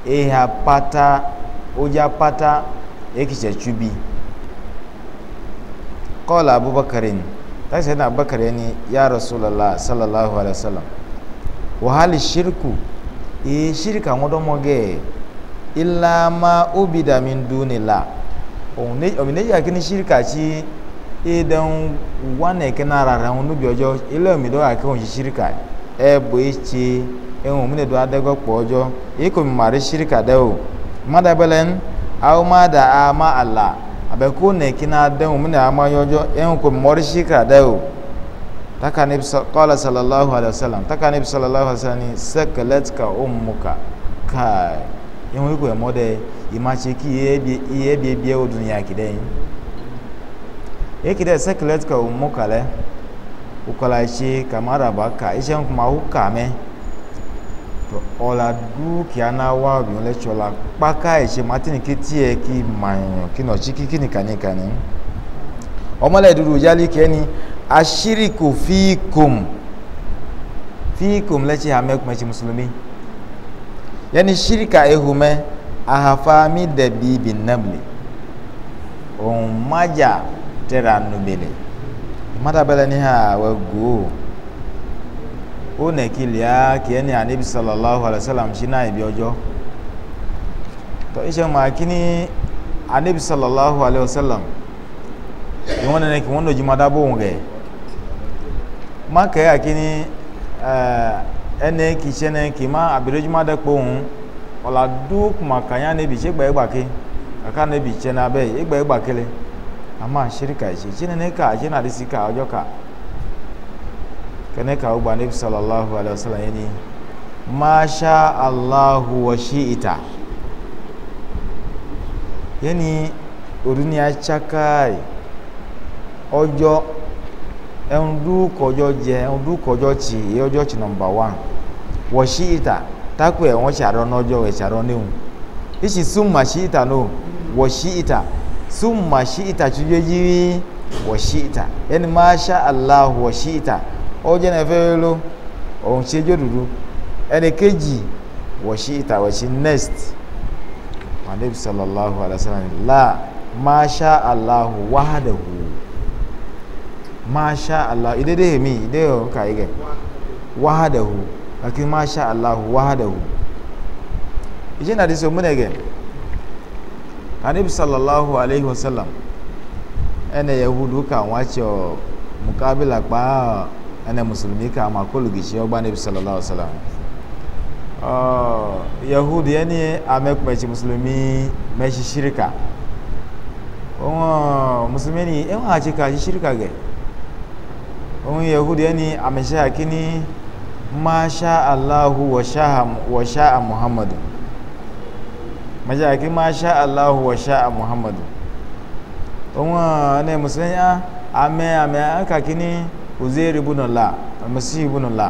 eha pata uja pata ekisɛ tsubi kɔɔla abubakarin tasɛ na abubakarin ni ya rasulallah sallallahu alaihi wa sallam wahali shirku. ee àwọn ọdọmọgẹ ìlàmà obìdàmìndú ma òmìnira kí ndu n'ila tí ìdẹ̀hùn wánẹ̀kẹ́ náà rárá òun níbi ọjọ́ ilé òmìnira kí òun ṣe ṣíríkà ẹ bò é ṣe ẹ̀hùn òmìnira adẹ́gọ́pọ̀ ọjọ́ èyí kò mọ̀rí shirika e dẹ́ e e o mọ́dàbẹ́lẹ́ ń àwọn máa dà á má àlà àbẹ̀kú nẹ̀kí náà dẹ́hùn òmìnira máa yọjọ́ ẹ̀hùn taka ne kala sallallahu alaihi wasallam taka ne sallallahu alaihi wasallam ni sakalatka ummuka kai ihun ko mo imache ki yebi yebi ya o dunya kiden yekide sakalatka ummuka le ukola shi kamara baka isen kuma huka me to ola du ki ana wa bi le chola paka ki ti e ki mayan ki no chiki kini ashiriku fikum fikum lẹ́tí hamẹ́kùmẹ́tí mùsùlùmí yẹni shirika ehumẹ́ ahafami dẹ̀bi binabli ohun maja tẹ́ra nubele mmadabẹ́lẹ́ ní ha wẹ́ gòó ó nẹ̀kí lìá kìí ní anabi sallallahu alayhi wa sallam ṣí náà ibi ọjọ́ tọ́ iṣẹ́ máa kí ní anabi sallallahu alayhi wa sallam ìwọ́n nẹ̀kí wọ́n lójú mọ́ dábò òun rẹ̀ ma kɛ akini ɛɛ ɛnɛ kitsɛnɛ kima abirejuma ɖe kpo ŋu ɔla du kuma kanya nebi tse gba egba ke kaka nebi tsɛnɛ abe egba egba kele ama sirika etsi tse nene ka tse na ɖesi ka ɔdzɔ ka kɛnɛ ka wo gba nebi sallallahu alayhi wa sallam yeni masha allahu wa shi ita yeni oduniya tsakae ɔdzɔ. ẹn du kọjọ jẹ ẹn du kọjọ chi ẹyọjọ tsi nọmba wan wọ siita taku ẹ wọn tsa dọ n'ọjọ ẹ tsa dọ n'ewu esi suma siita no wọ siita suma siita tsi dzo yi wọ ma sha masha allah wọ siita ọjọ náà fẹ́ lo ọ̀hún dudu ẹni kejì wọ siita next anabi sallallahu alaihi wa sallam la masha allah wahadahu. masha Allah ide dai mi ide yo oh, ka ige wahadahu lakin masha Allah wahadahu ije na diso mun ege Anabi sallallahu alaihi wasallam ene yahudu ka wace mukabila pa ene musulmi ka ma kolu gishi ogba Anabi sallallahu alaihi wasallam uh, oh, yahudu yani amekmechi musulmi meshi shirika wọn musulmi ni ẹwọn ka kàṣí shirka ge ohun yahudi ẹni àmìṣẹ́ àkíní máṣá aláhu wọ̀ṣá à muhammadu àmìṣẹ́ àkíní máṣá aláhu wọ̀ṣá à muhammadu ohun ẹni musulmi àmì àmì àkàkíní uzeri bunula almasihi bunula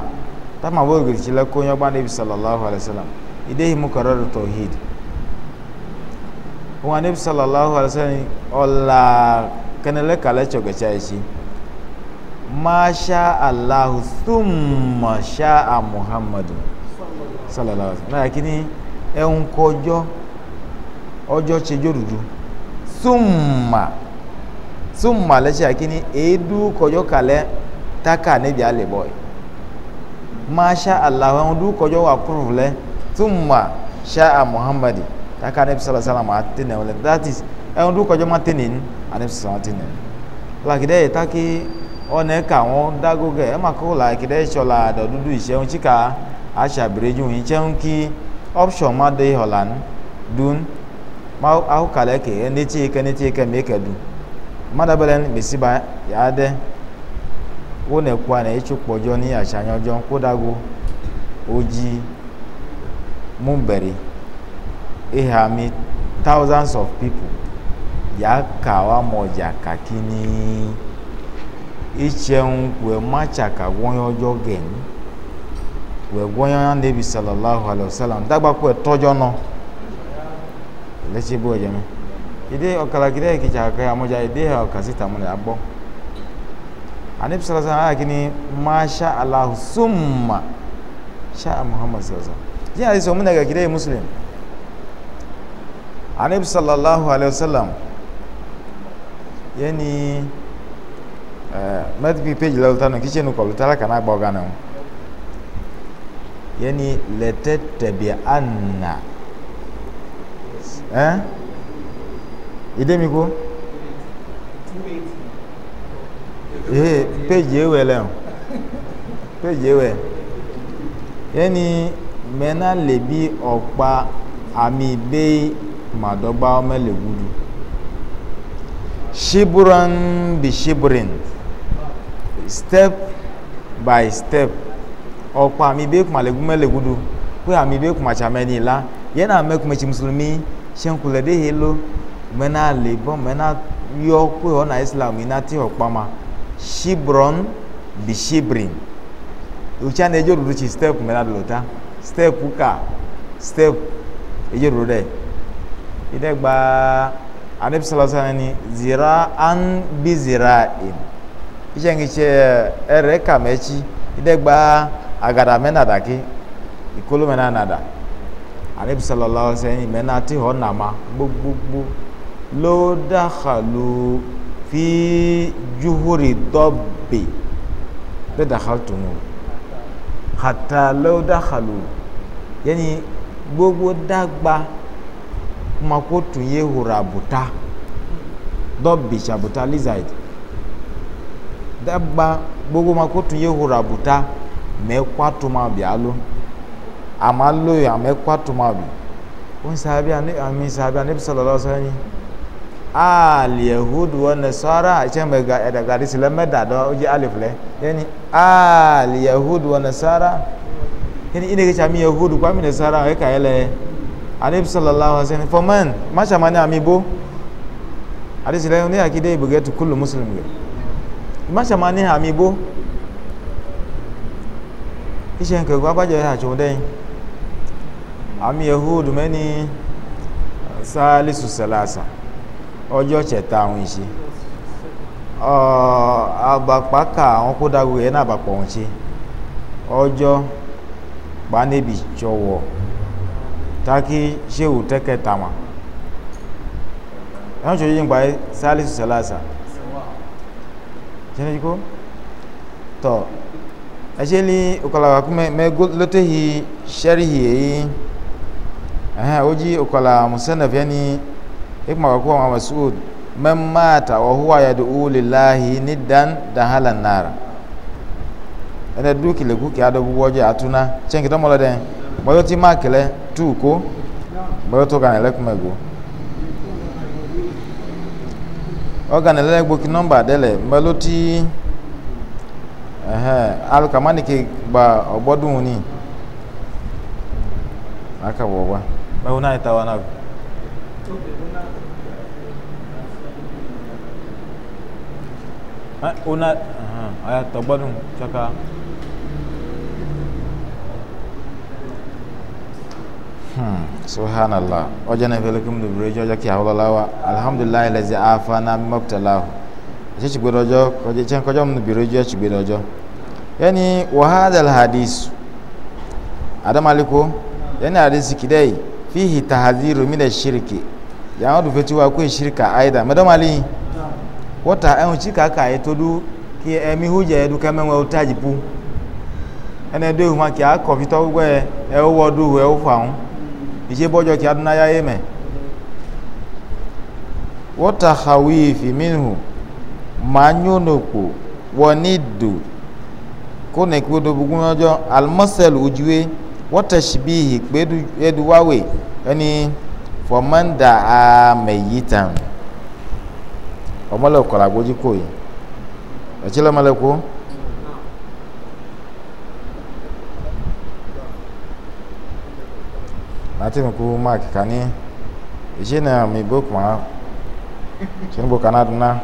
tama bo girci la ko nyoba nabi sallallahu alaihi wasallam idehi mukarrar tauhid wa nabi sallallahu alaihi wasallam olla kana la kala choga chaishi masha allahu thumma sha'a muhammadu sallallahu alaihi wasallam lakini ẹun kọjọ ọjọ ṣejọ dudu thumma thumma lẹsẹ akini edu kojo kalẹ taka níbi boy. masha Allah, ẹun du kojo wa kúrò lẹ thumma sha'a muhammadu taka níbi sallallahu alaihi wasallam àti tẹnẹ wọlé that is ẹun du kọjọ má tẹnẹ sallallahu alaihi wasallam tẹnẹ taki. one ka wọn dagoge ẹ ma kó la kìdẹ sọ la dọ dúdú ìṣẹun tsika aṣàbìrẹjù ìṣẹun kí ma dé ìhọ̀làn dùn ma aho kalẹ̀ kẹ ẹ nẹ́tí yìí kẹ nẹ́tí yìí ya mẹ́ kẹ na mmadabẹ́lẹ́ ní thousands of people ya á itseŋu wòe matsaka wɔnyɔ dzɔ gɛn wòe wɔnyɔ ya nebi sallallahu alayhi wa sallam dagba kpɔ etɔdzɔ nɔ lɛtsi bo ɛdzɛ mɛ ide ɔkala gidɛ yi kitsa kɛ amɔdza ide yɛ ɔkasi tamu le agbɔ anabi sallallahu alayhi wa sallam masha alahu summa sha muhammad sallallahu alayhi wa sallam yíyan adi sɔ mu nɛgɛ gidɛ yi muslim anabi sallallahu alayhi wa sallam yɛni. Yani, mẹ́tìkì péjì lẹ́wọ́ tánu kí sẹ́nu kọ̀lù tálá kàná gbọ́ gánà o yẹn ni lẹ́tẹ̀ tẹ̀bi ànà ẹ́ ìdẹ́mikó ee péjì ewé lẹ́ o péjì ewé yẹn ni mẹ́nà lẹ́bi ọ̀pá àmì bẹ́ẹ̀ màdọ́gba ọmọ shiburan bi shiburin step by step ọkpa mi be kuma legu melegudu kwe ami be kuma cha meni la ye na me kuma chi muslimi shen kule de helo me na le bo me na yo kwe o na islam ina ti ọkpa ma shibron bi shibrin ucha na ejo ruru chi step me na lota step ka step ejo ruru de ide gba anabi sallallahu alaihi wasallam zira an bi zira'in itse ŋitse ɛrɛ kame tsi ide gba agada mɛ nada ikolo mɛ na nada alebi sɔlɔlɔ sɛni mɛ nati xɔ nama gbogbogbo lo daxalu fi juhuri dɔbe bɛ daxalu tunu hata lo daxalu yɛni gbogbo dagba kuma ko tun ye hura buta dɔbe tsa buta daba gbogbo ma ko tun ye hora buta mɛ kó atoma bi alo ama lo yi amɛ kó atoma bi wọn sábẹ ani ami sábẹ ani bisalɔlɔ sɔnyi ali yahudu wa nasara ɛkyɛn mɛ ga ɛdɛ gadi si lɛ mɛ da dɔ ɔdzi ali filɛ yanni ali yahudu wa nasara yanni ine kɛkyɛ ami yahudu kó ami nasara ɛka yɛ lɛ ani bisalɔlɔ sɔnyi fɔmɛn masamani ami bo adi si lɛ ne yà kí de ibùgɛ tu kulu muslim ìmáṣàmá ní àmì igbó iṣẹ́ nkẹ̀kọ́ abájọ àjọ dẹ́yìn àmì yahood mẹ́ni sálísù sẹ̀láṣà ọjọ́ chẹta àwọn ìṣe àgbàpákà àwọn kó dágbò ẹ̀ náà àbàpọ̀ ọ̀hún ṣe taki gbanébì jọwọ́ tákì ṣéwù tẹ́kẹ̀tàmà jẹnẹjiko tọ ẹsẹli ọkọlà kúmẹ mẹgó lọtẹhi sẹrihi èyí ẹhẹn ojì ọkọlà musannafiya ni ekuma kakú ọmọ masoud mẹmáàtà ọhúwà yàdó wúlìláhi nídàn dàhálà nàrà ẹnẹ dúró kìlẹkù kí adó gbogbo ọjọ àtúná tiẹnkìtọ mọlọdẹ mọlọtí má kẹlẹ tú kó mọlọtó kàn ẹlẹkùmẹgò. ɔgana lɛ gboki nɔmba ɖe le mɛlo ti ɛhɛn alu kama ni gba ɔgbɔdun ni aka wɔ wa mɛwo na yi ta wa na. una aya tɔgbɔdun tsaka. subhanallah ọjà náà fẹlẹ kúmùdù bèrè jọ ọjà kí àwọn ọlọláwa alihamudulilayi lẹsẹ afana mọpitalahu ẹsẹ ṣùgbọ́n ọjọ́ kọjá ẹsẹ kọjá ọmọdé bèrè jọ ṣùgbọ́n ọjọ́ yẹni wàhálà hadith adamaliko yẹni hadith kìdẹ́yì fihi tahadhiru mina shirki yàwọn dùn fẹtí wa kó shirka aida mẹdọmali wọta ẹhùn shirka kàyé tó dú kí ẹmí hujẹ ẹdú kẹmẹwẹ ọtájì pu ẹnẹ dé ìhùn kí a kọfitọ gbẹ ẹ wọ dùn ẹ wọ fà ìṣe bọ́jọ́ kí adúnáyá yé mẹ́ wọ́tà hawi ìfìmíhù màá nyónòpò wọ́n ní dò kó nìkú dobugun ọjọ́ almọ́sẹ̀l ojúwe wọ́tà ṣìbí ìpè eduwawe ẹni fọmọ́ndà àmẹ̀yìtàn ọmọlẹ́kọ̀ọ́ làgbójú kò yìí ẹ̀chí lọ́mọlẹ́kọ̀ọ́. atin ku mark kani ishe na mi book ma shin book kana duna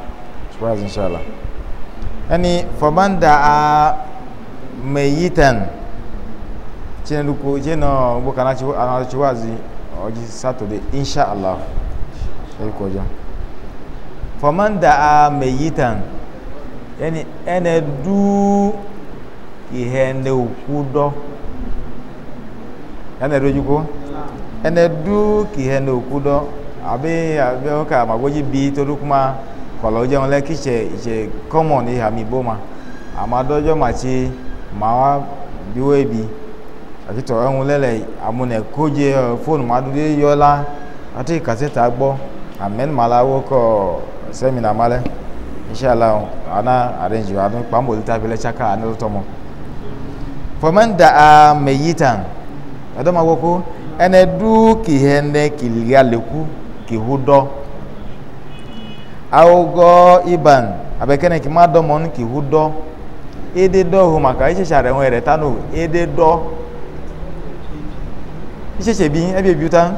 surprise inshallah yani faban da a mayitan cin ruku ije na book kana ci ana ci wazi oji saturday inshallah sai ko ja faman da a mayitan yani ene du ihe ne okudo yana rojuko ene du ki he no ku do abi abi o ka ma goji bi toru kuma kolo je on le ki se se common ni ha mi bo ma ama dojo ma ti ma wa bi we bi àti tọ̀ ẹ̀hún lẹ́lẹ̀ àmúnẹ̀ kó jẹ fóònù mádúdé yọlá àti kàṣẹ́tà gbọ́ àmẹ́nu màláwó kọ́ sẹ́mìnà málẹ́ inṣàlá àná àrẹ́njì àdún pàmòlì tábìlẹ̀ ṣáká ànílótọ́mọ. fọmẹ́ǹdà àmẹ̀yìtàn ẹ̀dọ́mọ̀wọ́kọ́ ene du kihe ne kilia leku kihu dɔ awogɔ iban abekene kima dɔmɔnu kihu dɔ ede dɔ ho maka etsetse are ŋu ɛrɛ ta no ede dɔ etsetse bi ebi ebi ta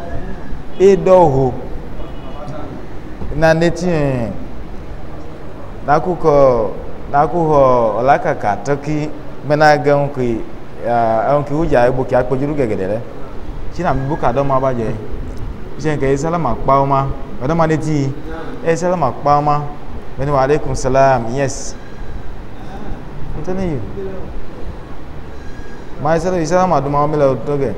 edɔ na neti ɛ nakokɔ nakohɔ ɔlakaka tɔki mɛna gɛ ŋu ki ɛ ŋu ki wudza ebo ki akpɔdzo shina buka dɔ ma ba jɛ bisɛn kɛ esalama kpawo ma ɔdɔ ma ne ti esalama kpawo ma bɛni wa aleykum salam yes i'm telling you ma esalama esalama duma wa mele o tɔ kɛ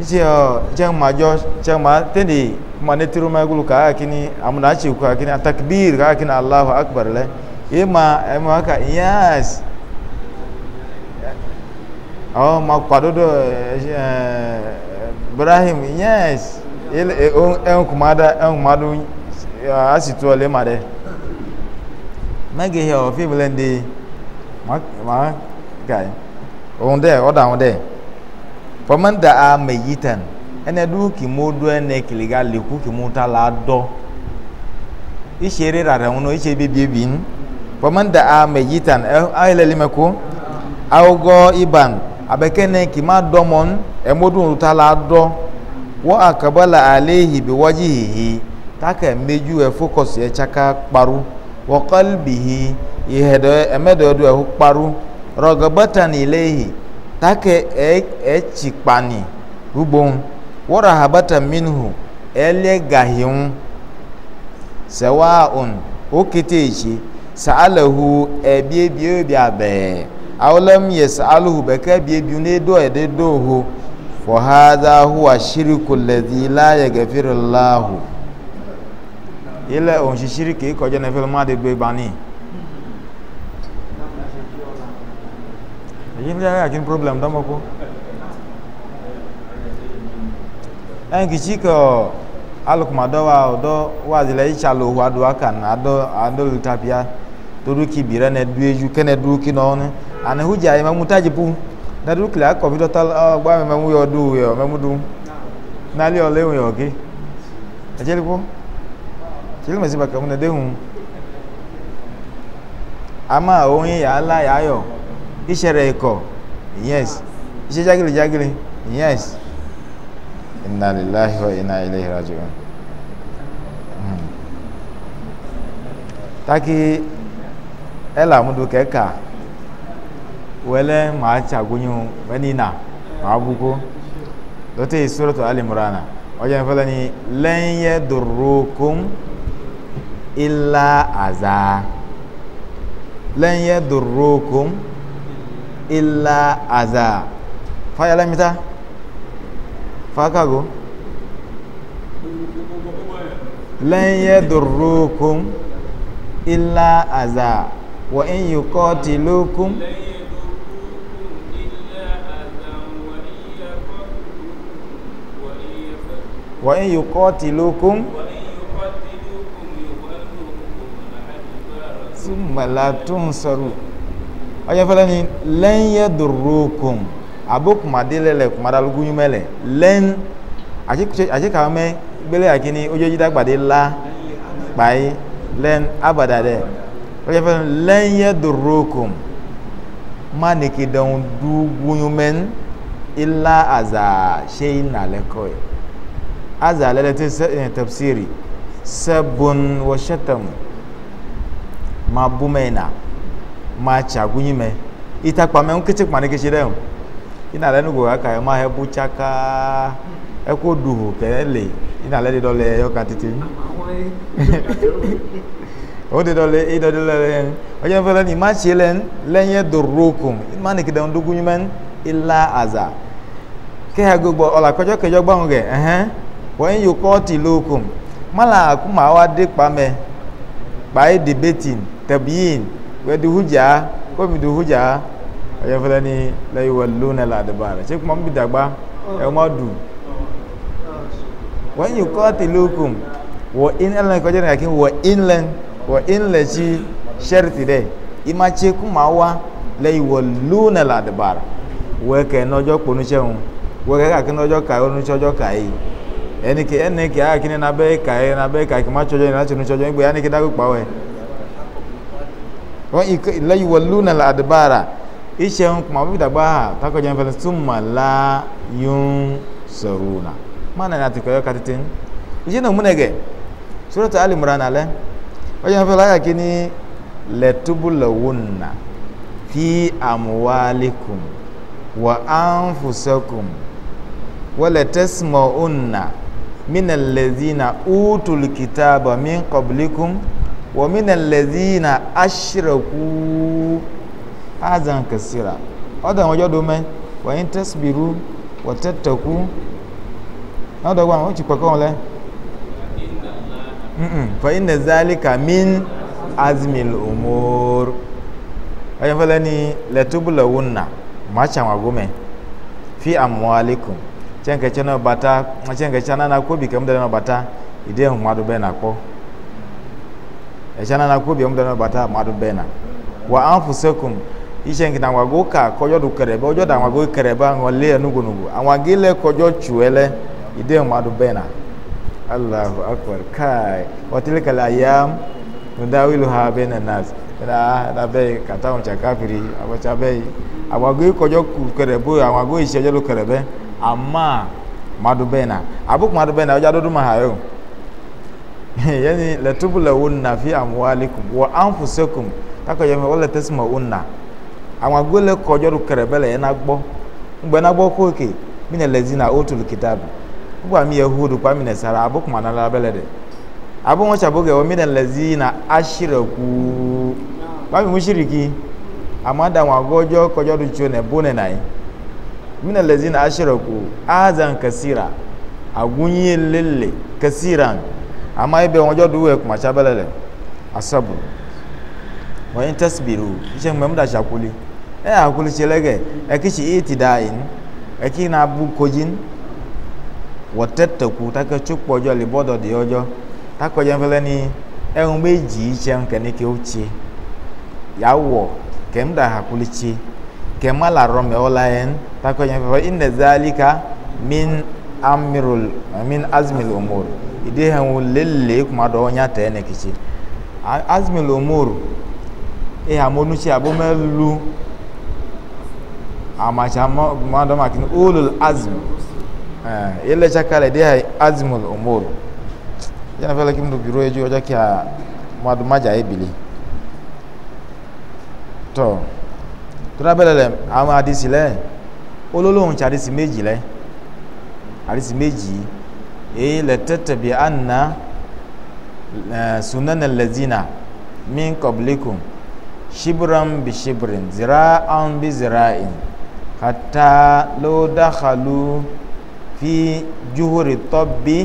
isi ɔ cɛn ma jɔ cɛn ma tɛni kuma ne tiri ma egulu kaa kini amuna ati kaa kini atakibir kaa kini alahu akbar lɛ ye ma ɛma ka yes ɔ ma kpadodo ɛɛ. ibrahim yes enkumada um, um enkumadu um asitu ole made mege here of him lende ma guy on there order on there faman da a mayitan ene du ki modu ene kiliga leku ki muta la do ishere rara uno ishe ebe bibibin faman da a mayitan eh, aile limeku awgo iban abekene kima dɔmɔn emodun ta la dɔ wɔ akabala alehi bi wɔdzi hihi taka meju efokɔsi etsaka kparu wɔkɔli bihi ihɛdɔ emɛdɔ do ɛho e kparu rɔgɔbɛtan ilehi taka etsi e kpani gbogbon wɔra habata minhu ɛlɛ gahiŋu sɛwaa on okete etsi sa'alahu ɛbiebie bi abɛɛ. awolem yes aluhu bɛkɛ bie bi ne do ɛde do ho fɔhada huwa shiriku lɛdi la yɛgɛfiri lahu ilẹ òun ṣiṣiri kì í kọjá ní fẹlẹ má de gbé gbani èyí ní ayé àkíní problem na na na ana hujja ya mamu tajibu na dukile akọ mi dọta ọgbà mi mamu yọ du yọ mamu du n'ali ọlẹ yọ yọ ge ẹjẹli kọ ṣẹlẹ mẹsìn bàkà mu nà dẹhùn ama oyin yà á la yà á yọ iṣẹ rẹ kọ yes iṣẹ jagile jagile yes inna lillahi wa inna ilayhi raji'un hmm. taki ẹ làmúdu kẹka wele ma chagunyu wenina ma buko dote suratu ali imran oje fala ni lan yadurrukum illa aza lan yadurrukum illa aza faya lamita fakago lan yadurrukum illa aza wa in yuqatilukum wọ́n ń yóò kọ́ ti lókun súnmọ̀lá fala ń sọ̀rọ̀ ọjọ́ fẹ́lẹ́ ni lẹ́yìn dòrókun abókùnmadé lẹ́lẹ̀ kùmadàlógún yín mẹ́lẹ̀ lẹ́yìn bele mẹ́ gbélé àkíní ojoojì dàgbàdé la kpáyé lẹ́yìn abàdà dẹ̀ ọjọ́ fẹ́lẹ́ ni lẹ́yìn dòrókun má nìkì dẹ̀hùn dúgbóyún mẹ́ni ilá àzà ṣé ìnàlẹ́kọ̀ọ́ yìí aza lalata tafsiri sabon wa shatam ma bumena ma cagunyi me ita kpame n kici kpani kici da yau ina lẹnu gbogbo aka ya ma he bu caka ẹkọ duhu kẹlẹ le ina lẹni dọlẹ ẹyọ kan titi o de dọlẹ idọ lẹlẹ ọjọ nfẹlẹ ni ma ṣe lẹn lẹyẹ dorokun ma ni kidan dugunyi mẹ ila aza kẹhẹ gbogbo ọlà kọjọ kẹjọ gbọhùn gẹ ẹhẹn wọ́n yóò kọ́ ti lókun mọ́là àkúmọ̀ àwọn adé pamẹ́ pàì debating tẹ̀bíyìn wẹ́dí hújà kómìdì hújà ẹ̀yẹ́ fẹ́lẹ́ ní lẹ́yìn wọ́n lónà ládùbà rẹ̀ ṣé kúmọ̀ bí dàgbà ẹ̀ mọ́ dùn wọ́n yóò kọ́ ti lókun wọ́n inland kọjá nìkan kí wọ́n inland wọ́n inland sí ṣẹ́rìtì dẹ̀ ìmàṣe kúmọ̀ wá lẹ́yìn wọ́n lónà ládùbà rẹ̀ wọ́n kẹ́ ẹ̀ ní ọjọ́ pọnúṣẹ́ wọn wọ́n kẹ́ kàkí ní ọjọ́ kàyé enike enike a kini na bɛɛ ka ye na bɛɛ ka kima tsɔjɔ yi na tsinu tsɔjɔ yi gbe anike da kpɔ awɛ wɔn ike lɛyi wɔlu na la adibara itse ŋu kuma bi dagba ha takɔ jɛn fɛnɛ suma la yun sɔrɔ na ma nana ti kɔyɔ katete itse na munɛgɛ surata ali mura na lɛ wɔjɛn fɛnɛ aya kini lɛ tubu lɛ wunna fi amuwalikum wa anfusakum wala tasma'unna من الذين أوتوا الكتاب من قبلكم ومن الذين أشركوا أذى كثيرا هذا وجدوا من وإن تصبروا وتتقوا هذا هو أنت بقول فإن ذلك من عزم الأمور أي فلاني لتبلون ما شاء في أموالكم chenkece na bata e chenkece na na kwobi ke mde na bata ide mmadụ be na kpọ echana na kwobi mde na bata mmadụ be na wa anfusekum iṣẹ́ nkìtà àwọn àgó kà kọjọ́ do kẹrẹ̀ bẹ́ ọjọ́ dà àwọn àgó kẹrẹ̀ bẹ́ àwọn lé ẹnugunugu àwọn àgé lẹ kọjọ́ tù ẹ lẹ ìdí ẹ̀ mmadụ bẹ́ẹ̀ akbar kai ọtílẹ̀ kẹlẹ̀ àyà nudawilu ha bẹ́ẹ̀ nà nàz ẹ̀dá ẹ̀dá bẹ́ẹ̀ kàtà àwọn tsaka fìrí àwọn tsa bẹ́ẹ̀ àwọn àgó kọjọ́ kẹrẹ̀ amma madubena abuk madubena oja dodo ma hayo yani latubula wunna fi amwalikum wa anfusakum tako yeme wala tasma unna ama gole kojoru kerebele yana gbo ngbe na gbo ko ke mine lezina otul kitab ngwa mi yahudu kwa mine sara abuk manala belede abu wọn ṣàbọ̀gẹ̀ wọn mìíràn lẹ́sí na aṣírẹ̀kú báyìí mú ṣìrìkì àmọ́ àdàwọn àgọ́jọ́ kọjọ́ lójú ọ̀nà ẹ̀bùn nìyí. mina lazina ashiraku azan kasira agunye lele kasiran amma ibe wọn jọ duwe kuma shabalale asabu wọn yi tasbiru ishe mgbe mda shakuli e akuli shelege e kishi iti dain e ki na abu kojin wọtẹtẹku take tsukpɔ ọjọ libɔdɔ di ọjọ takɔdze ŋfɛlɛ ni ɛhun bɛ dzi itse ŋkɛ ne ke wotse yawɔ kɛm ha kuli tse. kɛmɛ la rɔmɛ o la yɛn takɔ yɛn fɛ ina zalika min amirul min azmil umur ide hɛn o lele kuma dɔ o nya tɛ ne kitsi azmil umur eya mo nutsi abo mɛ lu amatsa mɔ mɔ dɔ ma kini olul azm ɛɛ eh, ele tsaka le ide hɛn azmil umur yɛn fɛ lɛ kia mɔ bili tɔ tọ́lábẹ́lẹ́lẹ́ àwọn àdìsí lẹ́ olólùwọ̀n tí àdìsí méjì lẹ́ àdìsí méjì èyí lẹ tẹ́tẹ̀ bí àná sunana lẹ́zínà mí kọ̀bílíkù ṣíbíran bi ṣíbírin zira àwọn bi zira in kata ló dákàlù fi juhuri tọ́bí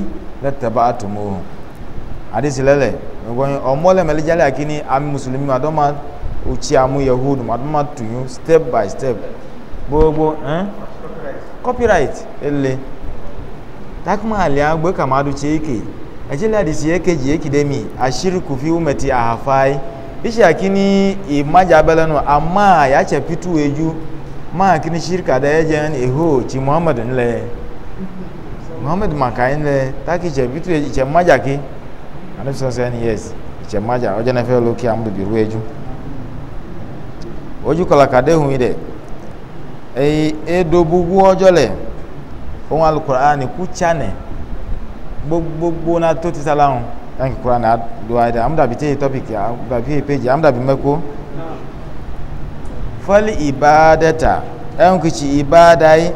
lẹ́tẹ̀bá àtúmọ̀ àdìsí lẹ́lẹ̀ ọmọlẹ́mẹ̀lẹ́jálẹ̀ àkíní àmì mùsùlùmí àdọ́mọ́ uchi amu yahudu maduma tunyu step by step gbogbo eh? copyright ele takuma ali agbe kamadu cheke ejele adisi ekeji demi ashiri fi umeti ahafai ishi akini imaja belenu ama ya chepitu eju ma akini shirika da ejen eho chi muhammad nle muhammad makai nle taki chepitu eji chemaja ki anabisa sani yes chemaja ojenefe loki amdu biru eju ojú kọlà kàdéhùn yìí dẹ èyí edo gbogbo ọjọ lẹ ohun alukura ni kú tsanẹ gbogbogbò náà tó ti sálá hàn yankin kura náà do ayé dẹ amúdàbí téye tọpìkì amúdàbí téye péjì amúdàbí mẹkọ fọlì ìbádẹta ẹn kìtì ìbádáyé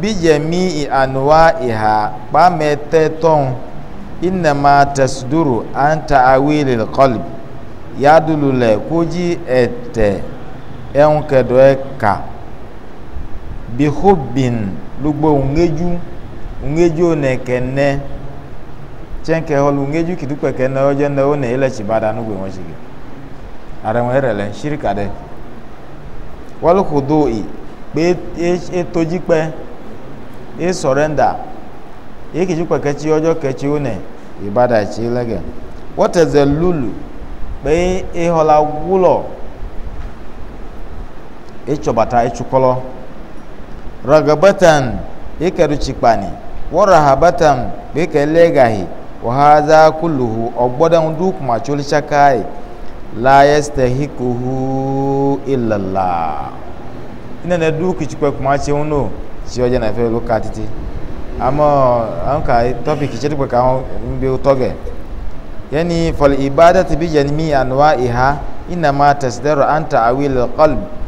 bíjẹmí ìhànúwá ìhà pàmẹtẹtọhún ìnàmà tẹsídúró àǹtà awílẹ kọlì yàdúlù kójí ẹtẹ. E ɛŋu e ke do ɛka bihobin lugbo ŋedzu ŋedzu ne kene tsɛnkɛ hɔlu ŋedzu kitukpɛ kene ɔdze ne wo ne ele tsi ba da nugbe wɔn sigi arɛŋu ɛrɛ lɛ sirika ɖe wɔlu kudo yi e, e kpe etodzikpɛ yi ekitsukpɛ kɛtsi ɔdzɔ kɛtsi wo ne ibada tsi lɛ gɛ wɔtɛzɛ lulu kpe ehɔla wulɔ. etsɔbata etsukɔlɔ ragabatan ekaɖu tsikpani wɔrahabatan beke lɛgahi wɔhaza kuluhu ɔgbɔdanu du kumatsoli tsakae layɛsitɛhikuhu ilala inana du kitsikpɛ kumatsi ŋu no tsi ɔdze nafe lo ka titi amɔ anka tɔpiki tsi tukpɛ kan bi tɔgɛ yanni fɔli ibadati bi jɛni mi anuwa iha inama anta awil qalbi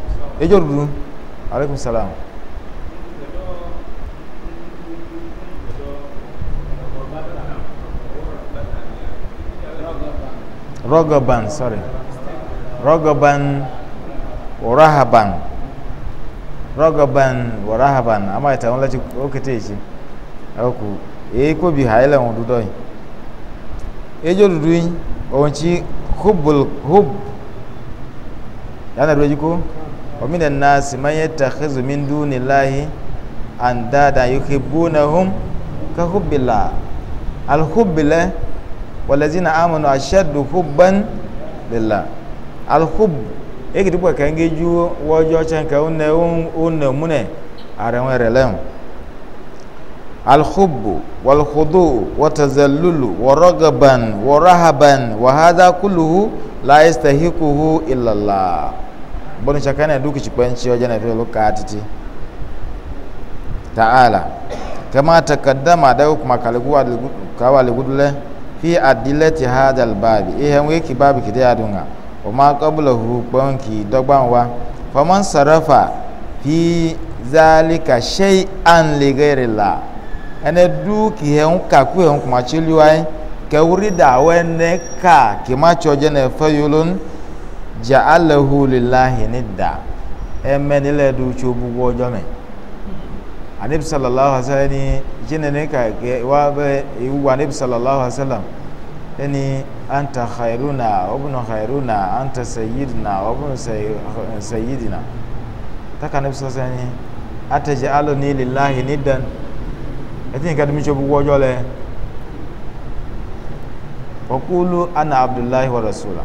ejo dudu aleykum salaam. rogoban sorry rogoban warahaban rogoban warahaban ama ita wọn lati o kete esi ọkụ èyí kò bi ha ilẹ̀ wọn dúdọ̀ yìí ejò dúdú yìí hubul hub hub na ìdúró yìí ومن الناس من يتخذ من دون الله أندادا يحبونهم كحب الله الحب له والذين آمنوا أشد حبا لله الحب eke dukwa ka nge ju wojo chenka unne unne mune arewe relem alhubbu walkhudu watazallulu waragaban warahaban wa hadha kulluhu la yastahiquhu illa Allah bɔnu tsaka na duku tsikpɛ ŋtsi ɔdze na fi ɔlu ta'ala kama takadama ɖe kuma kawa legudu lɛ fi adilɛ ti ha dal baabi ihe ŋu eki baabi kete ya do ŋa o ma kɔbula hu kpɔn ki dɔgban wa sarafa fi zaali ka shei an la ɛnɛ du ki he ŋu kaku he ŋu kuma tsili wa ye kewuri ka kema tsɔ dze na fɛ ja'alahu lillahi nidda eme nile du tso gbogbo ọjọ mẹ anabi sallallahu alaihi wa sallam ni jinani ka kẹ wa bẹ iwu anabi sallallahu alaihi wa sallam ẹni anta khairuna ọbùnà khairuna anta sayidina ọbùnà sayidina taka anabi sallallahu alaihi wa sallam ni ata ja'alani lillahi niddan ẹtí nìkan tó mi tso gbogbo ọjọ lẹ wakulu ana abdullahi wa rasulah.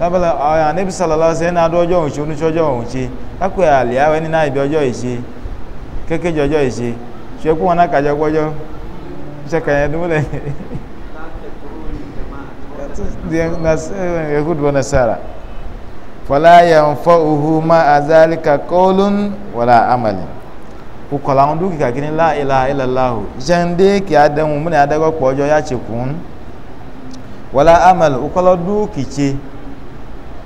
lábẹ́lẹ̀ àwọn àníbi sàlọ́lá ṣe ń adó ọjọ́ òun ṣe oníṣẹ́ ọjọ́ òun ṣe lápẹ́ àlìyáwó ẹni náà ibi ọjọ́ ìṣe kékeré ọjọ́ ìṣe ṣe kú wọn náà kàjọ gbọ́jọ́ ṣe kàyẹn dúró lẹ́yìn ẹ̀kúdù wọn sára fọlá yẹn fọ òhu má azalika kọ́ọ̀lùn wọlá amàlẹ̀ kukọ̀lá ń dúkìá kí ni láìlà ìlàláhù iṣẹ́ ń dé kí adẹ́hùn múni adẹ́gbọ́pọ̀ ọjọ́ yá ṣe kùn wọlá amàlẹ̀ kukọ́lọ́ dúkìá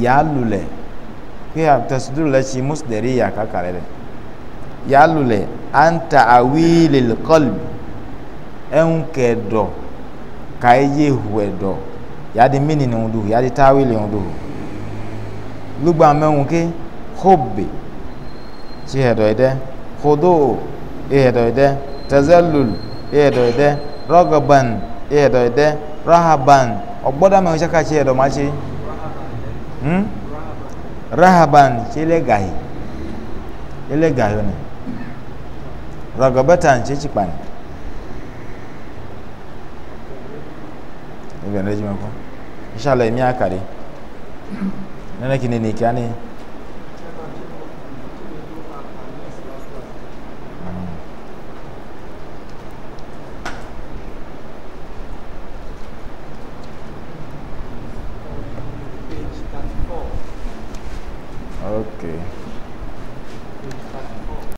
yaalulɛ kia tasuduru lɛ tsi musdari ya kaka lɛ dɛ yaalulɛ anta awilil kɔlbi ɛŋu kɛ dɔ kaye huɛ dɔ yaadi mini ni ŋu do yaadi taawili ŋu do lugba mɛŋu ke hobe tsi hɛ dɔ yi dɛ hodo ehe dɔ yi dɛ tazalul ehe dɔ yi dɛ rɔgaban rahaban ɔgbɔdamɛ ŋu tsaka tsi hɛ hmm? rahaban ce legahi ya legahi ne ragabatan ce cikpan ibn rajima ko inshallah mi akare nana kine ne kyane